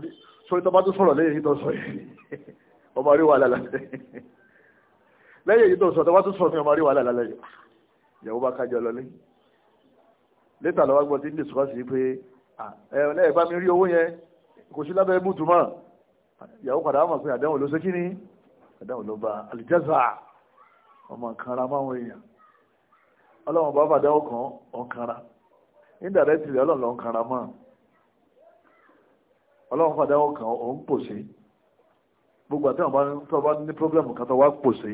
si si sórí tó bá tún sọ̀rọ̀ lẹ́yìn yìí tó sọ yìí ọmọ rí wàhálà lálẹ́ lẹ́yìn yìí tó sọ tó bá tún sọ̀rọ̀ fún ọmọ rí wàhálà lálẹ́ ìyàwó bá kájọ lọlé létà lọ́wọ́ gbọ́ tí ń dìsọ́ sí pé ẹ lẹ́yìn bá mi rí owó yẹn kò sí lábẹ́ bùtù mọ́ ìyàwó padà mọ̀ pé àdéhùn ló ṣe kí ni àdéhùn ló bá àlìjẹ́sà ọmọ kanra máwọn èèyàn ọlọ́run bá fàdé ọkàn ọ̀kanra ní dàrẹ́tìrì ọlọ́run máa ọlọ́run padà ọkàn òun pòṣe gbogbo àti àwọn tó bá ní pírọ́blẹ́mù kan tó wá pòṣe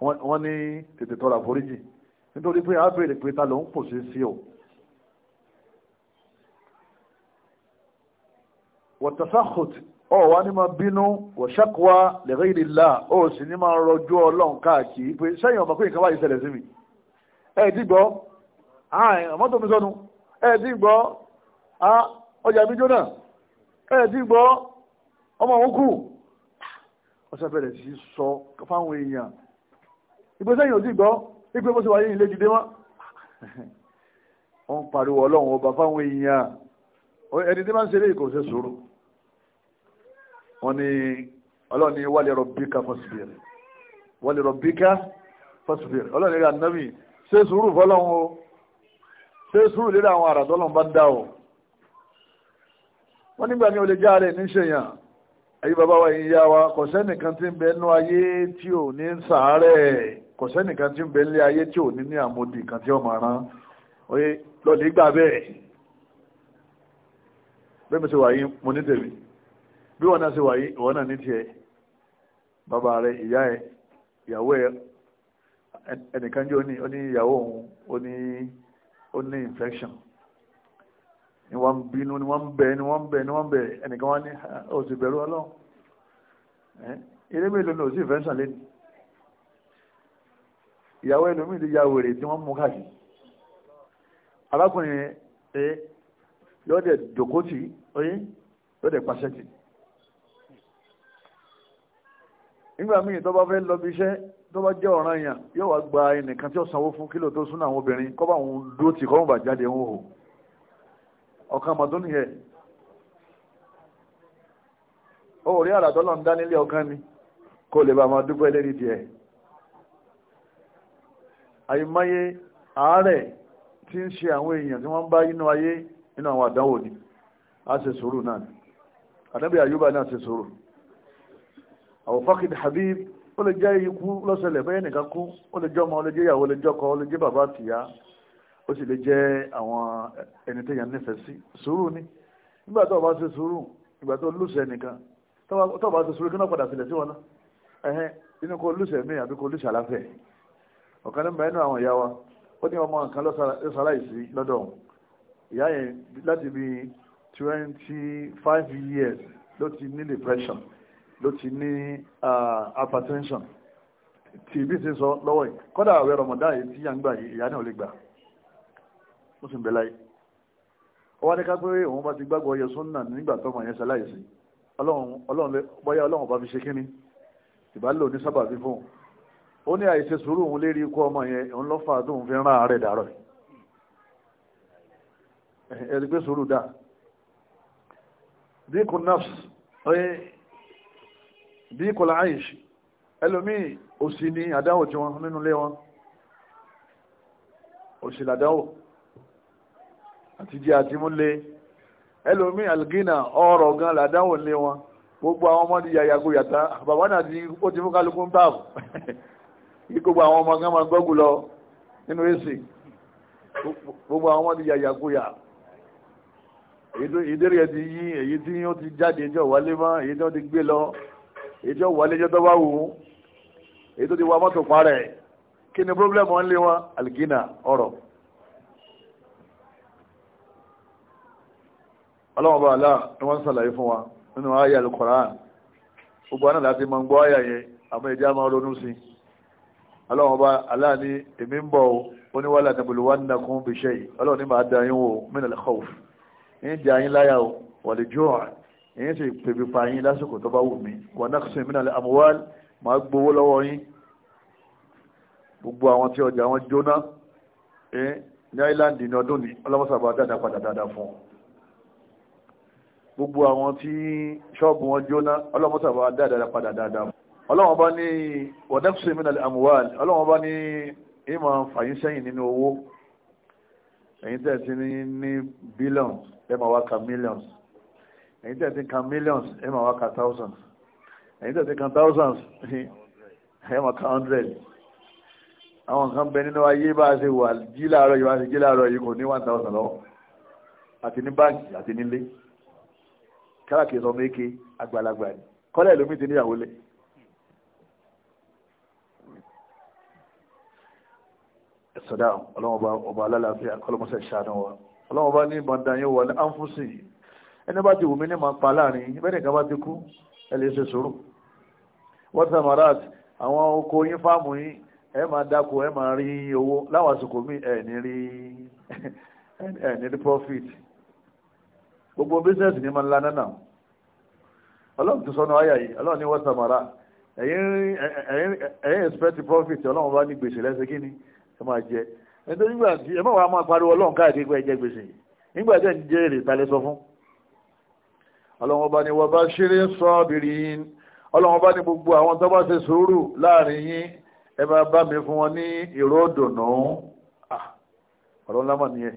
wọ́n ní tètè tọrọ àforíjì nítorí pé á béèrè pé ta ló ń pòṣe sí o. wọ̀tàsáhùt ọ̀ wá ní máa bínú wọ̀ṣákùwá lẹ́rìndínlá ó sì ní máa rọjú ọlọ́run káàkiri pé sẹ́yìn ọmọ pé nǹkan báyìí ṣẹlẹ̀ sí mi ẹ̀ẹ́dìgbọ́ ààrẹ ọmọ tó mi sọnù ẹ̀ẹ́dìgbọ́ ọjà mi jóná ẹ̀ gbọ́ ọmọ òun kù sí sọ fáwọn èèyàn ìgbésẹ̀ yìí ò gbọ́ wípé bó ṣe wáyé ilé jìdé wọn wọ́n pariwo ọlọ́run ọba fáwọn èèyàn ẹni tí máa ń ṣeré kò ṣe wọ́n ní ọlọ́run ní wálé rọ̀bíkà fọ́sibẹ̀rẹ̀ wálé rọ̀bíkà fọ́sibẹ̀rẹ̀ ọlọ́run ní ànábì ṣe sùúrù fọlọ́run ṣe sùúrù lédè wọ́n nígbà ní olè já rẹ̀ níṣẹ̀yàn ayé bàbá wa yìí yá wa kò sẹ́nìkan tí ń bẹ nú ayé tí ò ní sàárẹ̀ kò sẹ́nìkan tí ń bẹ lé ayé tí ò ní ní àmódi kan tí ó máa rán oyè lọ́ọ̀dì gbà bẹ́ẹ̀ bẹ́ẹ̀ mi ṣe wà yìí mo ní tèmi bí wọ́n náà ṣe wà yìí ìwọ náà ní tiẹ̀ bàbá rẹ̀ ìyá ẹ̀ ìyàwó ẹ̀ ẹnìkan jẹ́ ó ìyàwó òun ó infection ni wọ́n ń bínú ni wọ́n ń bẹ̀ ni wọ́n ń bẹ̀ ni wọ́n ń bẹ̀ ẹnìkan wọ́n ní ó sì bẹ̀rù ọlọ́run eré mélòó ni ò sí ìfẹ́ sàn lẹ́nu ìyàwó ẹlòmíì ti ya wèrè tí wọ́n mú káàkiri arákùnrin ẹ yọ́dẹ̀ dòkótì oyé yọ́dẹ̀ pàṣẹtì nígbà míì tó bá fẹ́ lọ bí iṣẹ́ tó bá jẹ́ ọ̀ràn yàn yóò wá gba ẹnìkan tí ó sanwó fún kílò tó súnà àwọn obìnrin kọ́ bá òun dúró tì kọ́ bá jáde òun hò ọ̀kan mọ̀ tó o ó rí àràtọ́lọ̀ ń dá nílé ni kó lè bá máa dúpẹ́ lérí tiẹ̀ àyèmáyé àárẹ̀ tí ń ṣe àwọn èèyàn tí wọ́n bá inú ayé inú àwọn àdánwò ni a ṣe sùúrù náà ni ànábì àyùbá náà ṣe àwọn fákìdì habib ó lè jẹ́ ikú lọ́sẹ̀lẹ̀ bẹ́ẹ̀ nìkan kú ó lè jẹ́ ọmọ ó lè jẹ́ ìyàwó ó lè ọkọ ó lè jẹ́ bàbá tìyá ó sì lè jẹ́ àwọn ẹni tó yàn nífẹ̀ẹ́ sí sùúrù ni nígbà tó o bá ṣe sùúrù ìgbà tó o lùsẹ̀ nìkan tó o bá ṣe sùúrù kí náà padà sílẹ̀ sí wọn náà ẹ̀hẹ́n inú kó lùsẹ̀ mí àbí kó lùsẹ̀ aláfẹ́ ọ̀kan ní mẹ́rin àwọn ìyá wa ó ní ọmọ nǹkan lọ́sàláìsí lọ́dọ̀ ọ̀hún ìyá yẹn láti bí twenty five years ló ti ní depression ló ti ní hypertension tìbí ti sọ lọ́wọ́ yìí kọ́dà àwẹ̀ rọ̀mọ̀dá yìí tí yà gbà yìí ìyá náà lè gbà ó sì ń bẹ láyé ó wá ní ká pé òun bá ti gbàgbọ́ yẹ súnà nígbà tọ́mọ yẹn ṣaláìsí bọ́yá ọlọ́run bá fi ṣe kínní ìbá lò ní sábàbí fóun ó ní àìṣe sùúrù òun lérí ikú ọmọ yẹn òun lọ́ fà á tóun fi ń rán àárẹ̀ dàrọ̀ ẹ̀rí pé sùúrù dáa díkù nafs díkù láàyèsí ẹlòmíì òsì ni àdáwò tí wọn nínú ilé wọn òsì làdáwò àti jẹ àti múlé ẹlòmíì algina ọrọ̀ gan làdáwò lé wọn gbogbo àwọn ọmọ ti yàyàgò yàtá bàbá náà ti ó ti mú kálukú ń báàbò kí gbogbo àwọn ọmọ gan máa gbọ́gù lọ nínú èsì gbogbo àwọn ọmọ ti yàyàgò yà ìdérí ẹ ti yí èyí tí ó ti jáde ẹjọ́ wálé mọ́ èyí tí wọ́n ti gbé lọ èyí tí wọ́n wálé ẹjọ́ tó bá wù ú èyí tó ti wá mọ́tò parẹ́ kí ni pírọ́blẹ́mù wọn ọlọ́wọ́n bá aláà ni wọ́n ń sàlàyé fún wa nínú ayé alukọ̀rán gbogbo àná láti máa ń gbọ́ ayà yẹn àmọ́ ìdí àmọ́ ronú sí ọlọ́wọ́n aláà ni èmi ń bọ̀ ó ní wàhálà tàbílù wà nínú kún bí ṣe yìí ọlọ́wọ́n ní máa da yín wò mínà lẹ́kọ̀ọ́f ń jẹ ayín láyà o wà lè jó à èyí sì pèbí pa yín lásìkò tó bá wù mí wà náà sì mínà àmúwál máa gbowó lọ́wọ́ gbogbo àwọn tí ṣọ́ọ̀bù wọn jóná ọlọ́mọ́sàbà dáadáa padà dáadáa ọlọ́wọ́n bá ní wọ̀dẹ́kùsù ìmìnà àmúwàlì ọlọ́wọ́n bá ní ìmọ̀ fàyín sẹ́yìn nínú owó ẹ̀yin tẹ́ ti ní billions ẹ máa wá ka millions ẹ̀yin tẹ́ ti ka millions ẹ máa wá ka thousands ẹ̀yin tẹ́ ti ka thousands ẹ máa ka hundred àwọn nǹkan bẹ nínú ayé bá a ṣe wà jí láàárọ̀ yìí bá a jí láàárọ̀ yìí kò ní one thousand lọ́wọ́ àti ní báńkì àti nílé káàkiri ọmọ eke àgbàlagbà ni kọ́lẹ̀ lómi ti níyàwó lẹ̀. sọdá ọlọ́mọba ọba alálàáfíà kọ́lọ́mọsẹ̀ ṣàánú wa ọlọ́mọba ní bọ̀ǹdàyé wà ní ánfúsì ẹni bá ti wù mí ní máa pa láàrin bẹ́ẹ̀ kan bá ti kú ẹ lè ṣe sùúrù wọ́tàmáràt àwọn oko yín fáàmù yín ẹ máa dáko ẹ máa rí owó láwọn àsìkò míì ẹ ní rí ẹ ní rí profit gbogbo business ni máa ń lanà náà ọlọ́run ti sọnù ayà yìí ọlọ́run ní wọ́n samara ẹ̀yin expect profit ọlọ́run bá ní gbèsè lẹ́sẹ̀ kí ni ẹ máa jẹ nítorí nígbà tí ẹ má wàá máa pariwo ọlọ́run káàkiri pé ẹ jẹ gbèsè nígbà tí ẹ ń jẹ èrè ta sọ fún ọlọ́run ọba ni wọ́n bá ṣeré sọ́ọ̀bìrì yín ọlọ́run bá ní gbogbo àwọn tó bá ṣe sùúrù láàrin yín ẹ máa bá mi fún wọn ní ìró dùnú ah, ọlọ́run lámà nìyẹn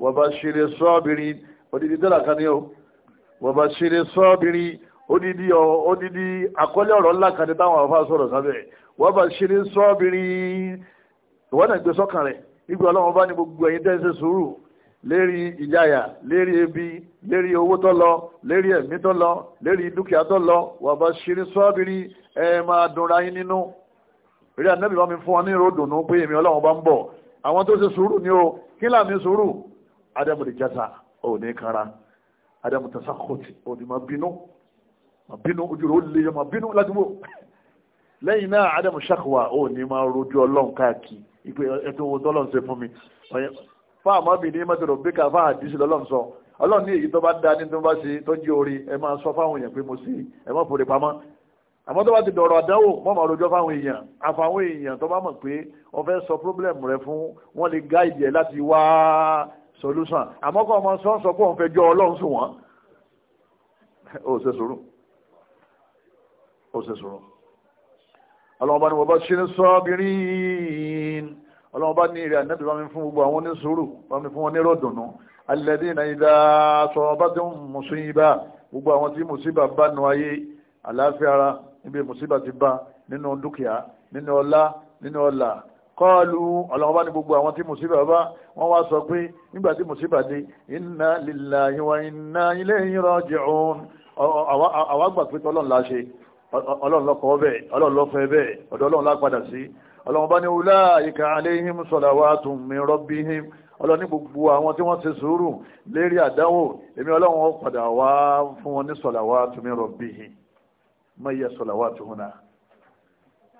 wọ́n bá ṣeré sọ́ọ̀bìrì yín odidi dọ́là kan ní o bàbá ṣeré sọ́ọ́bìrì odidi odidi àkọlé ọ̀rọ̀ ńlá kan ní táwọn àwọn afá sọ̀rọ̀ sábẹ́ bàbá ṣeré sọ́ọ́bìrì ìwọ́n náà gbé sọ́kàn rẹ̀ nígbà ọlọ́run bá ní gbogbo ẹ̀yin tẹ́ ń ṣe sùúrù lérí ìjayà lérí ebi lérí owó tó lọ lérí ẹ̀mí tó lọ lérí dúkìá tó lọ bàbá ṣeré sọ́ọ́bìrì ẹ máa dunra yín nínú rí ànábì bá mi fún ọ ní ìròdùnú pé èmi ọlọ́run bá ń bọ̀ àwọn tó ṣe sùúrù ni o kí láàmì sùúrù adébòdì jẹta ò ní kara adamu tasakoti ò ní ma bínú ma bínú ojú rẹ̀ ó lè ma bínú ládùúgbò lẹ́yìn náà adamu sakwa ò ní ma rojú ọlọ́run káàkiri ìpè ẹ̀tọ́ owó tọ́lọ́run ṣe fún mi fáàmọ́ mi ní mẹ́tọ̀rọ̀ bí ká fáà dísì lọ́lọ́run sọ ọlọ́run ní èyí tó bá da ní tó bá ṣe tó jí orí ẹ máa sọ fáwọn èèyàn pé mo sí ẹ má fòrè pamọ́ àmọ́ tó bá ti dọ̀rọ̀ àdánwò mọ́ màá rojọ́ fáwọn èèyàn àfàwọn èèyàn tó bá mọ̀ pé wọ́n sọ pírọ́blẹ̀mù rẹ fún wọ́n lè gáìdì ẹ̀ láti wá solution àmọ́ kọ́ ọmọ sọ́n sọ pé òun fẹ́ jọ ọlọ́run sùn wọ́n ó ṣe sùúrù ó ṣe sùúrù ọlọ́run bá ní wọ́n bá ṣe ní sọ́bìrín ọlọ́run bá ní ìrẹ́ ànábì bá mi fún gbogbo àwọn oníṣòro bá mi fún wọn ní rọ̀dùnú alladhina idha asabathum musiba gbogbo àwọn tí musiba bá nu ayé àlàáfíà ara níbi musiba ti bá nínú dúkìá nínú ọlá nínú ọlà kọ́ọ̀lù ọlọ́wọ́ bá ní gbogbo àwọn tí mùsíbà bá wọ́n wá sọ pé nígbà tí mùsíbà dé inna lillahi wa inna ilayhi raji'un àwa gbà pé tọ́lọ́n la ṣe ọlọ́run lọ́kọ̀ bẹ́ẹ̀ ọlọ́run lọ́fẹ́ bẹ́ẹ̀ ọ̀dọ̀ ọlọ́run la padà sí ọlọ́run bá ní ulaika alayhim salawatun min rabbihim ọlọ́run ní gbogbo àwọn tí wọ́n ti sùúrù lérí àdánwò èmi ọlọ́run padà wá fún wọn ní salawatun min rabbihim mọ̀ iye salawatun náà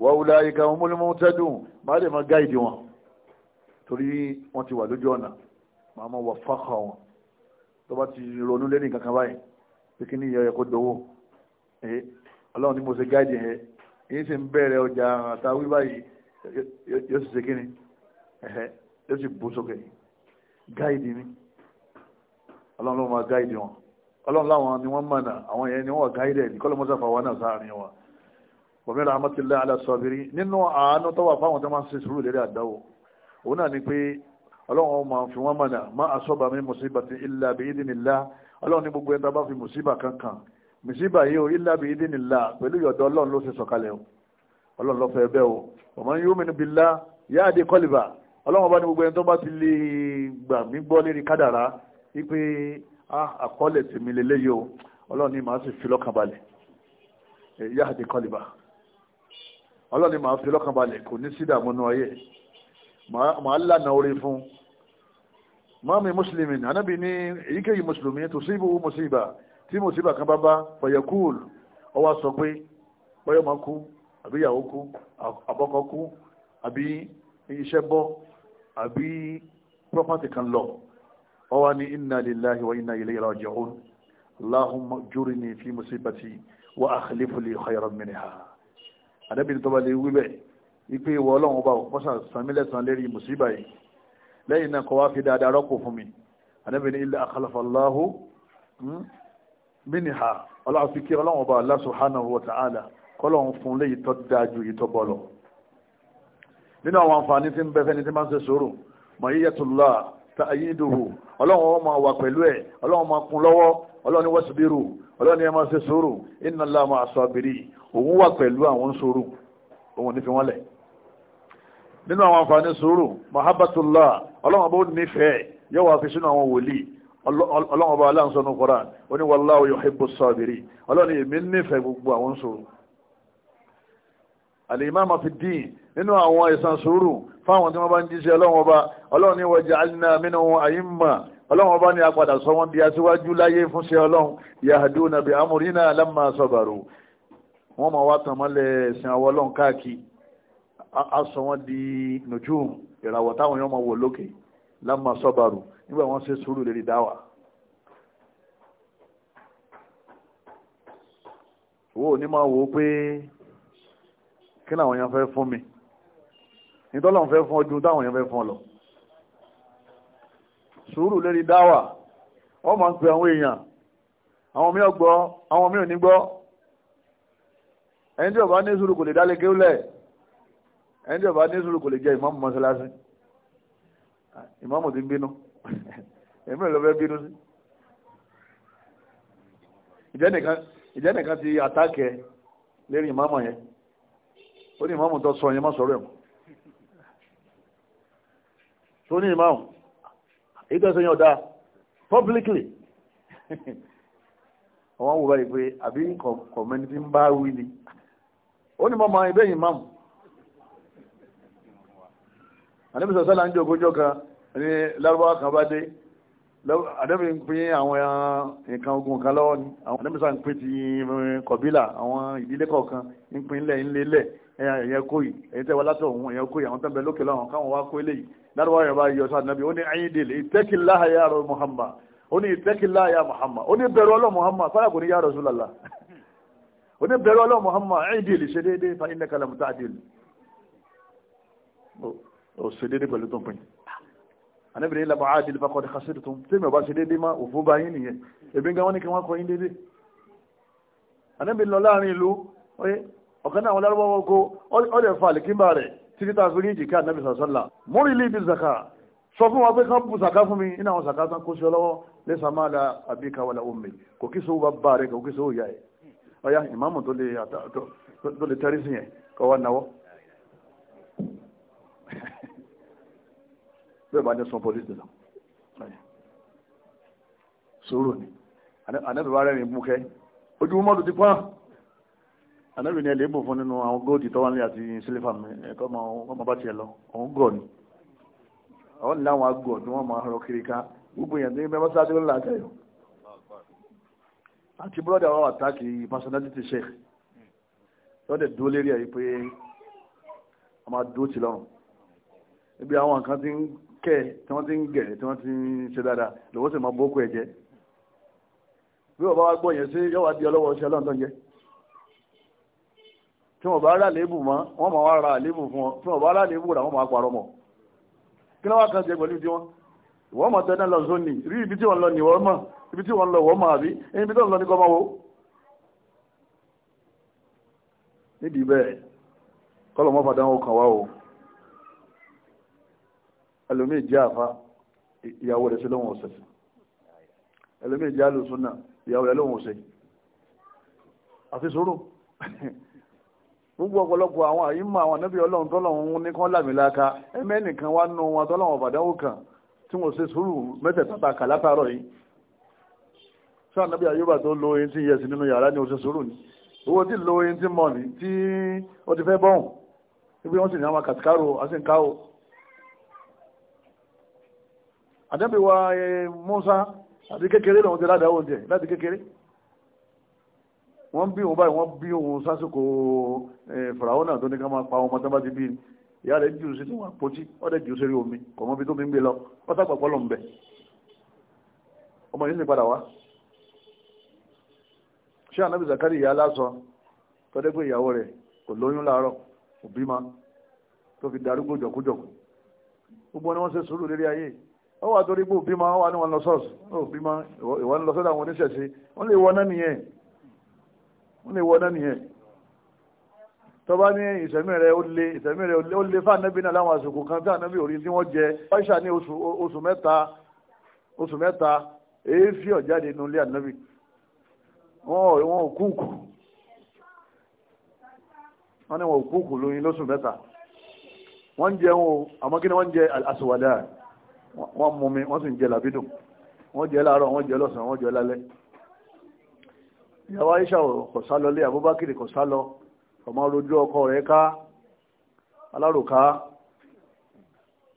wọ́n wúlá ika wọn múlùmọ́ tẹ́dùn máa lè máa gáìdì wọn torí wọ́n ti wà lójú ọ̀nà máa mọ̀ wà fákọ̀ wọn tó bá ti ronú lẹ́nu kankan báyìí pé kí ni ìyẹn kó dowó ẹ ọlọ́run ni mo ṣe gáìdì yẹn èyí sì ń bẹ̀rẹ̀ ọjà àtàwí báyìí yóò sì ṣe kí ni yóò sì bú sókè gáìdì ni ọlọ́run ló máa gáìdì wọn ọlọ́run láwọn ni wọ́n mọ̀nà àwọn yẹn ni wọ́n gáìdì ẹ̀ wàmí rahmatullahi ala sabiri nínú àánú tó wà fáwọn tó máa ń ṣe sùúrù lérí àdáwò òun náà ni pé ọlọ́run máa fi wọ́n mọ̀nà má asọ́ba mi musibati illa bi idinillah ọlọ́run ní gbogbo ẹ̀ta bá fi musiba kankan musiba yìí o illa bi idinillah pẹ̀lú yọ̀dọ̀ ọlọ́run ló ṣe sọ̀kalẹ̀ o ọlọ́run ló fẹ́ bẹ́ẹ̀ o wa man yu'min billah ọlọ́ni máa fi lọ́kàn balẹ̀ kò ní sídà mọ́nú ayé máa lànà orí fún mọ́mí mùsùlùmí anábì ní èyíkéyìí mùsùlùmí tó síbò mùsíbà tí mùsíbà kan bá bá fọyẹ̀kúùl ọwọ́ sọ pé bọ́yọ̀ máa kú àbí ìyàwó kú àbọ́kọ kú àbí iṣẹ́ bọ́ àbí property kan lọ ọwọ́ ní inna lillahi wa inna ilayhi raji'un allahumma jurni fi musibati wa akhlif li khayran minha àdẹ́bìnrin tó bá lè wí bẹ́ẹ̀ wípé ìwọ ọlọ́run ọba òpọ́sà sàmílẹ̀sàn lérí mùsíbà yìí lẹ́yìn náà kọ́ wá fi dáadáa rọ́pò fún mi àdẹ́bìnrin ilẹ̀ àkàlàfàláhù hmm, mínìhà ọlọ́run fi kí ọlọ́run ọba Allah subhanahu wa ta'ala kọ́lọ́run fún léyìí tó dáa ju èyí tó bọ́ lọ. nínú àwọn àǹfààní tí ń bẹ fẹ́ni tí máa ń ṣe sòrò mayyatullah ta'yiduhu ọlọ́run ó òun wà pẹ̀lú àwọn sùúrù òun ní fi wọ́n lẹ̀ nínú àwọn àǹfààní sùúrù mahabbatullah ọlọ́wọ́n bó nífẹ̀ẹ́ yóò wá fi sínú àwọn wòlíì ọlọ́wọ́n bá aláǹsọ́nù koran ó ní wallahu yuhibbu sabiri ọlọ́ni èmi nífẹ̀ẹ́ gbogbo àwọn sùúrù alìmáàmà fi dín nínú àwọn ẹ̀sán sùúrù fáwọn tí wọ́n bá ń jíṣẹ́ ọlọ́wọ́n bá ọlọ́ni wa ja'alna minhum a'imma ọlọ́wọ́n wọ́n máa wá tàn mọ́lẹ̀ ẹ̀sìn àwọn ọlọ́run káàkiri a sọ di nùjú ìràwọ̀ táwọn yóò máa wò lókè lámà sọ́bàrù nígbà wọ́n ṣe sùúrù lérí dáwà wo ní máa wò ó pé kí làwọn èèyàn fẹ́ fún mi nítọ́lọ́run fẹ́ fún ọdún táwọn èèyàn fẹ́ fún ọ lọ sùúrù lérí dáwà wọ́n máa ń pe àwọn èèyàn àwọn mí ò gbọ́ àwọn mí ò ní gbọ́ ẹni tí ọba ní sùúrù kò lè dálé kéwúlẹ̀ ẹni tí ọba ní sùúrù kò lè jẹ ìmáàmù mọ́sálásí ìmáàmù ti ń bínú èmi ló fẹ́ bínú sí. ìjẹ́ nìkan ti àtàkẹ́ lérí ìmáàmù yẹn ó ní ìmáàmù tó sọ yẹn má sọ̀rọ̀ ẹ̀ mọ́ tó ní ìmáàmù èyí yẹn ọ̀dà publicly wọ́n wò báyìí pé àbí kọ̀mẹ́ntì ń bá wí ni ó ní mọ́mọ́ ibẹ̀ yìí máàmù àdébìsọ̀ sọ́là ń jẹ́ ogójọ́ kan ní lárúbáwá kan bá dé àdébì ń pín àwọn nǹkan ogun kan lọ́wọ́ ni àwọn àdébìsọ̀ ń pín ti eh, kọ̀bílà àwọn ìdílé kọ̀ọ̀kan ń pín lẹ̀ ń lélẹ̀ ẹ̀yẹ kóyì ẹ̀yẹ tẹ́wọ́ látọ̀ òun ẹ̀yẹ kóyì àwọn tẹ́bẹ̀ lókè láwọn káwọn wá kó eléyìí lárúbáwá yẹn bá yọ sáà ní ayíǹdèlè ìtẹ́kìláhà yà oníbẹ̀rẹ̀ ọlọ́run Muhammad ẹ̀ẹ́dìlì ṣe déédéé fa ilẹ̀ kalẹ̀ mọ́tà àdìlì ó ṣe déédéé pẹ̀lú tó ń pin anábìrin ilẹ̀ mọ́ àdìlì bá kọ́ni kásìtì tó ń tí mi ò bá ṣe déédéé má òfò bá yín nìyẹn èmi gan wọn ni kí wọ́n kọ́ yín déédéé anábìrin lọ láàrin ìlú ọ̀kan náà àwọn lárúbáwọ̀ kó ọ̀dẹ̀ fa àlìkínbà rẹ̀ títí tá a fi ní ìjìká anábì sàṣọ́là mórí ilé ibi zaka sọ fún wa pé kán bu zaka fún mi iná àwọn zaka tán kó sí lọ́wọ́ lẹ́sàmáàlà àbíkà omi kò kí sówó bá bá rẹ̀ kò kí sówó yá ẹ̀ ọyá ìmáàmù tó lè tẹ́rí sí yẹn kọ́ wá náwọ́ bẹ́ẹ̀ bá ní sọ pọ̀lì dìlọ sòrò ni ànábì bá rẹ̀rìn mú kẹ́ ojú mọ́tò ti pọ́n ànábì ní ẹlẹ́bù fún nínú àwọn góòdì tó wà ní àti sílífà mi ẹ̀kọ́ ọmọ bá tiẹ̀ lọ òun gọ̀ ni àwọn ìlànà àgọ̀ ni wọ́n máa rọ kiri ká gbogbo yẹn ní bẹ́ẹ̀ bá sáré lọ́la àtẹ̀yọ̀ àti bọ́dà wa àtàkì personality sheikh lọ́dẹ̀ dúró lérí ẹ̀ pé a máa dúró tì lọ́rùn ibi àwọn nǹkan ti ń kẹ́ tí wọ́n ti ń gẹ̀ tí wọ́n ti ń ṣe dáadáa lọ́wọ́ sì máa bókú ẹ̀ jẹ́ bí wọ́n bá wá gbọ́ yẹn sí yọ́wọ́ di ọlọ́wọ́ ṣe ọlọ́run tó ń jẹ́ tí wọ́n bá rà léèbù mọ́ wọ́n máa wá ra léèbù fún wọn tí wọ́n bá rà léèbù rà wọ́n máa parọ́ mọ́ kí ló kan jẹ pẹ̀lú tí ìwọ́n mọ̀ tẹ́lẹ̀ lọ zónì rí ibi tí wọ́n lọ nìwọ́ mọ̀ ibi tí wọ́n lọ wọ́n mọ̀ àbí ibi tí wọ́n lọ ní kọ́ mọ́ wo. nídìí bẹ́ẹ̀ kọ́lọ̀ mọ́ fàdán ó kàn wá o ẹlòmíì jẹ́ àfa ìyàwó rẹ̀ sí lóhun ọ̀sẹ̀ ẹlòmíì jẹ́ àlùsùnà ìyàwó rẹ̀ lóhun ọ̀sẹ̀ àfi sòrò gbogbo ọ̀pọ̀lọpọ̀ àwọn àyímọ̀ àwọn anábìyàn ọlọ́run tọ́lọ́run ní kán lámìlaka ẹ̀mẹ́nìkan wá nù wọn tọ́lọ́run ọ̀bàdàn ó tí wọ́n ṣe sùúrù mẹ́tẹ̀ẹ̀ta ta kà látàárọ̀ yìí ṣé ànábì ayọ́bà tó lo eyín tí yẹ sí nínú yàrá ni ó ṣe sùúrù ni owó tí lo eyín tí mọ̀ ní tí ó ti fẹ́ bọ́hùn ibi wọ́n sì ní àwọn kàtìkárò àsìnkáwò ànábì wa e, Musa àti kékeré lòun ti ládàá oúnjẹ láti kékeré wọ́n bí òun báyìí wọ́n bí òun sásìkò e, fìràwọ́nà tó ní ká máa pa ọmọ tó bá ti bí ìyá rẹ̀ jù sí níwọ̀n àpótí ọ̀dẹ̀ jù sí rí omi kọ̀mọ́ bí tó mi ń gbé lọ pátápàpọ̀ lọ ń bẹ̀ ọmọ yìí sì padà wá ṣé ànábì zakari ìyá lásán tọ́dẹ́ pé ìyàwó rẹ̀ kò lóyún láàárọ̀ kò bímọ tó fi darúgbó jọ̀kújọ̀kú gbogbo ni wọ́n ṣe sùúrù lérí ayé ó wà torí pé òbí máa wà ní wọn lọ ṣọ́ọ̀ṣì ó bí ìwọ ń lọ sọ́dọ̀ àwọn oníṣẹ̀ṣe wọ́n lè wọ náà nìyẹn wọ́n lè wọ náà nìyẹn tó bá ní ìsẹ̀mí rẹ̀ ó lé ìsẹ̀mí rẹ̀ ó lé fáànẹ́bí náà láwọn àsìkò kan tí ànẹ́bí ò tí wọ́n jẹ Aisha ní oṣù mẹ́ta oṣù mẹ́ta èéfì ọ̀jáde inú ilé ànẹ́bí wọn ò kúùkù wọ́n ní wọn ò kúùkù lóyún lóṣù mẹ́ta wọ́n ń jẹ wọn o àmọ́ kí ni wọ́n jẹ àṣùwàdà wọ́n mú mi wọ́n sì ń jẹ làbídùn wọ́n jẹ láàárọ̀ wọ́n jẹ lọ́sàn-án wọ́n jẹ lálẹ́ ìyàwó Aisha kò sá lọ lé Abubakar kò sá ọmọ rojú ọkọ rẹ̀ ká aláròká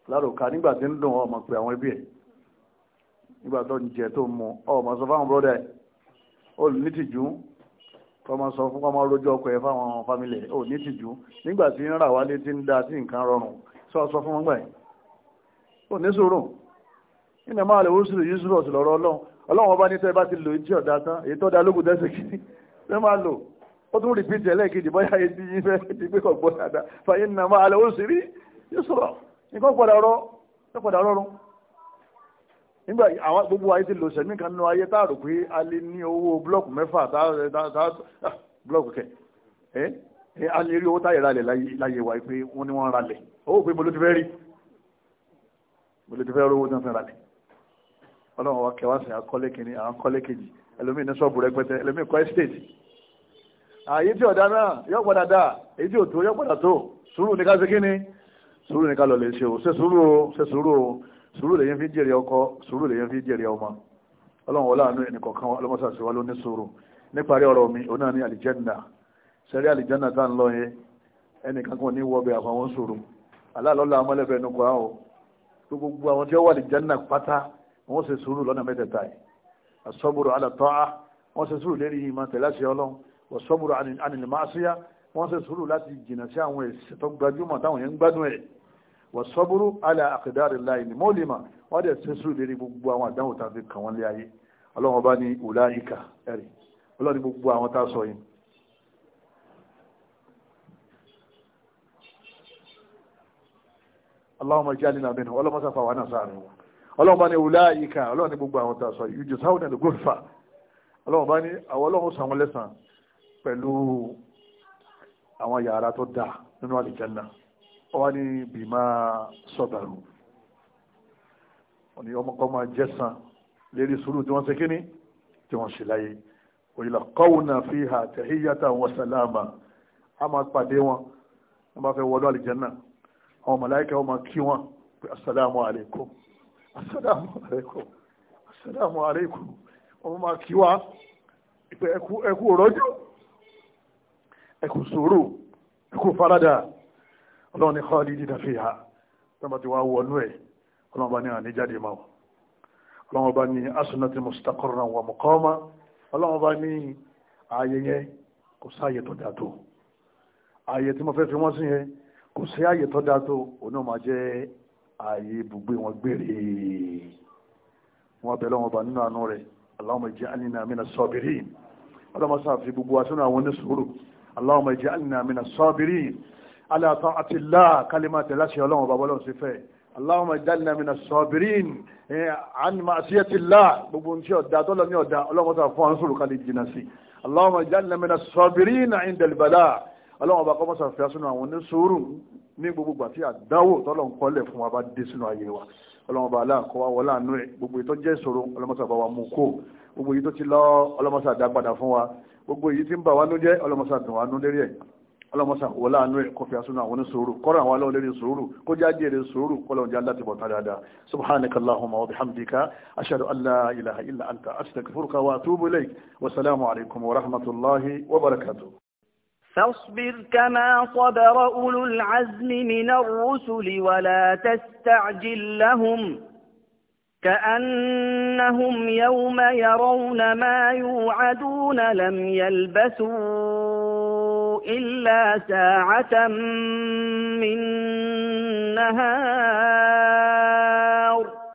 aláròká nígbà tí ń dùn ọmọ pé àwọn ẹbí ẹ̀ nígbà tó ń jẹ tó ń mu ọmọ sọ fáwọn bọ́dà ẹ̀ ó ní tìjú kọmọ sọ fún kọmọ rojú ọkọ ẹ̀ fáwọn fámìlì ẹ̀ ó ní tìjú nígbà tí ń rà wálé tí ń da tí nǹkan rọrùn sọ sọ fún wọn gbà ẹ̀ ó ní sòrò nínú máa lè wúsùlù yusuf ọ̀sùn lọ́rọ̀ ọlọ́run ọlọ́run ọba ní tẹ́ bá ti lò ó tún rìpítì ẹlẹ́ẹ̀kejì bọ́yá etí yín fẹ́ ti gbé ọ̀gbọ́n dáadáa fàyè nà máa alẹ́ ó sì rí yóò sọ̀rọ̀ nǹkan padà rọ ó padà rọrùn nígbà àwọn gbogbo ayé ti lò sẹ́mi kan nínú ayé tá a rò pé a lè ní owó blọ́ọ̀kù mẹ́fà tá a ah, blọ́ọ̀kù kẹ̀ ẹ́ a lè rí owó táyà ralẹ̀ láyé wa pé wọ́n ní wọ́n ralẹ̀ owó pé mo ló ti fẹ́ rí mo ló ti fẹ́ rówó tán fẹ́ ralẹ̀ ọlọ́run wa kẹwàá sẹ́yìn akọ́lé kìíní àwọn akọ́lé kejì ẹlòmíì ní sọ́ọ̀bù rẹpẹtẹ ẹlòmíì kọ́ ẹ́stéètì àyè tí ọ̀dá náà yọ padà dà èyí tí ò tó yọ padà tó sùúrù ní ká ṣe kí ni sùúrù ní ká lọ lè ṣe o ṣe sùúrù o ṣe sùúrù o sùúrù lè yẹn fi jèrè ọkọ sùúrù lè yẹn fi jèrè ọmọ ọlọ́run wọlé àánú ẹnìkọ̀ọ̀kan ọlọ́mọṣàṣì wa ló ní sùúrù níparí ọ̀rọ̀ mi òun náà ní àlìjẹ́nà sẹ́rí àlìjẹ́nà tá ń lọ yẹn ẹnìkan kan ní wọ́ọ̀bẹ àfọwọ́n sùúrù aláàlọ́lá amọ́lẹ́fẹ́ ẹnu kọ́ àwọn gbogbo àwọn tí ó wà àlìjẹ́nà pátá wọ́n ṣe sùúrù lọ́nà mẹ́tẹ̀ẹ̀ta yìí asọ́bùrù alàtọ́á wọ́n ṣe sùúrù lérí ìmọ̀ tẹ̀láṣẹ ọlọ́run wọ̀sọ́bùrù ànìlmáṣíyá wọ́n ṣe sùúrù láti jìnà sí àwọn ẹ̀ṣẹ̀ tó gbajúmọ̀ táwọn yẹn ń gbádùn ẹ̀ wọ̀sọ́bùrù alẹ́ àkàdárì láì ní mọ́lìmọ̀ wọ́n dẹ̀ ṣe sùúrù lérí gbogbo àwọn àdánwò tá kàn wọ́n lé ayé ọlọ́run bá ní òlà ìkà ẹ̀rì ọlọ́run gbogbo àwọn tá a sọ yìí. اللهم اجعلنا منهم اللهم صفا وانا صاروا اللهم ان اولئك اللهم gbogbo àwọn tá a sọ yìí yujzawna al اللهم bani àwọn ọlọ́run pẹ̀lú àwọn yàrá tó dáa nínú àlìjẹ́nà ọwá ní bí máa sọ̀bàrù òní ọmọkọ́ máa jẹ́sàn lérí sùúrù tí wọ́n ṣe kíní tí wọ́n ṣe láyé òyìnlá kọ́wùnà fi hà tẹ̀híyàtà wọn sàlámà a máa pàdé wọn wọ́n bá fẹ́ wọlé àlìjẹ́nà àwọn màláìkà wọn máa kí wọn pé asàlámù àlékún asàlámù àlékún asàlámù àlékún wọ́n máa kí wa ẹkú ẹkú rọ́jò ẹ kú sùúrù ẹ kú faradà ọlọ́run ní khalidina fiha tọ́ba ti wá wọnú ẹ̀ ọlọ́run bá ní àní jáde máa ọlọ́run bá ní asunati mustaqarran wa muqama ọlọ́run bá ní ààyè yẹn kò sáàyè tó dáa tó ààyè tí mo fẹ́ fi wọ́n sí yẹn kò sí ààyè tó dáa tó òun náà máa jẹ́ ààyè ibùgbé wọn gbére wọn bẹ̀ lọ́wọ́ bá nínú àánú rẹ̀ Allahumma ij'alna mina sabirin Allahumma ij'alna mina sabirin ala ta'atillah kálímà tẹ̀lá sí ọlọ́run ọba bọ́lọ́run sí fẹ́ Allahumma ij'alna mina sabirin eh, an ma'siyatillah gbogbo ní ọ̀dà tọ́lọ́ ní ọ̀dà ọlọ́run tó fún àwọn sọ̀rọ̀ kálí jìnnà sí Allahumma ij'alna mina sabirin 'inda al-bala ọlọ́run ọba kọ́mọ́sà fẹ́ sínú àwọn oníṣòro ní gbogbo àti àdáwò tọ́lọ̀ ń kọ́lẹ̀ fún wa bá dé sínú ayé wa ọlọ́run ọba aláàkọ́ wa wọlé àánú ẹ̀ gbogbo ètò jẹ́ ìṣòro ọlọ́mọ́sà bá wa mú kó gbogbo ètò ti lọ ọlọ́mọ́sà dá padà fún wa gbogbo èyí tí ń bà wá nú jẹ́ ọlọ́mọsà dùn wá nú lérí ẹ̀ ọlọ́mọsà wọ láàánú ẹ̀ kọfí asúnà àwọn oníṣòro kọ́ra àwọn aláwọ̀ lérí sòrò kó já jèrè sòrò kọ́lọ̀ jẹ́ aláti bọ̀ tán dáadáa subhanakallahumma wa bihamdika ashhadu an la ilaha illa anta astaghfiruka wa atubu ilayk wa salaamu alaykum wa rahmatullahi wa barakatuh فاصبر كما صبر أولو العزم من الرسل ولا تستعجل لهم كأنهم يوم يرون ما يوعدون لم يلبسوا إلا ساعة من نهار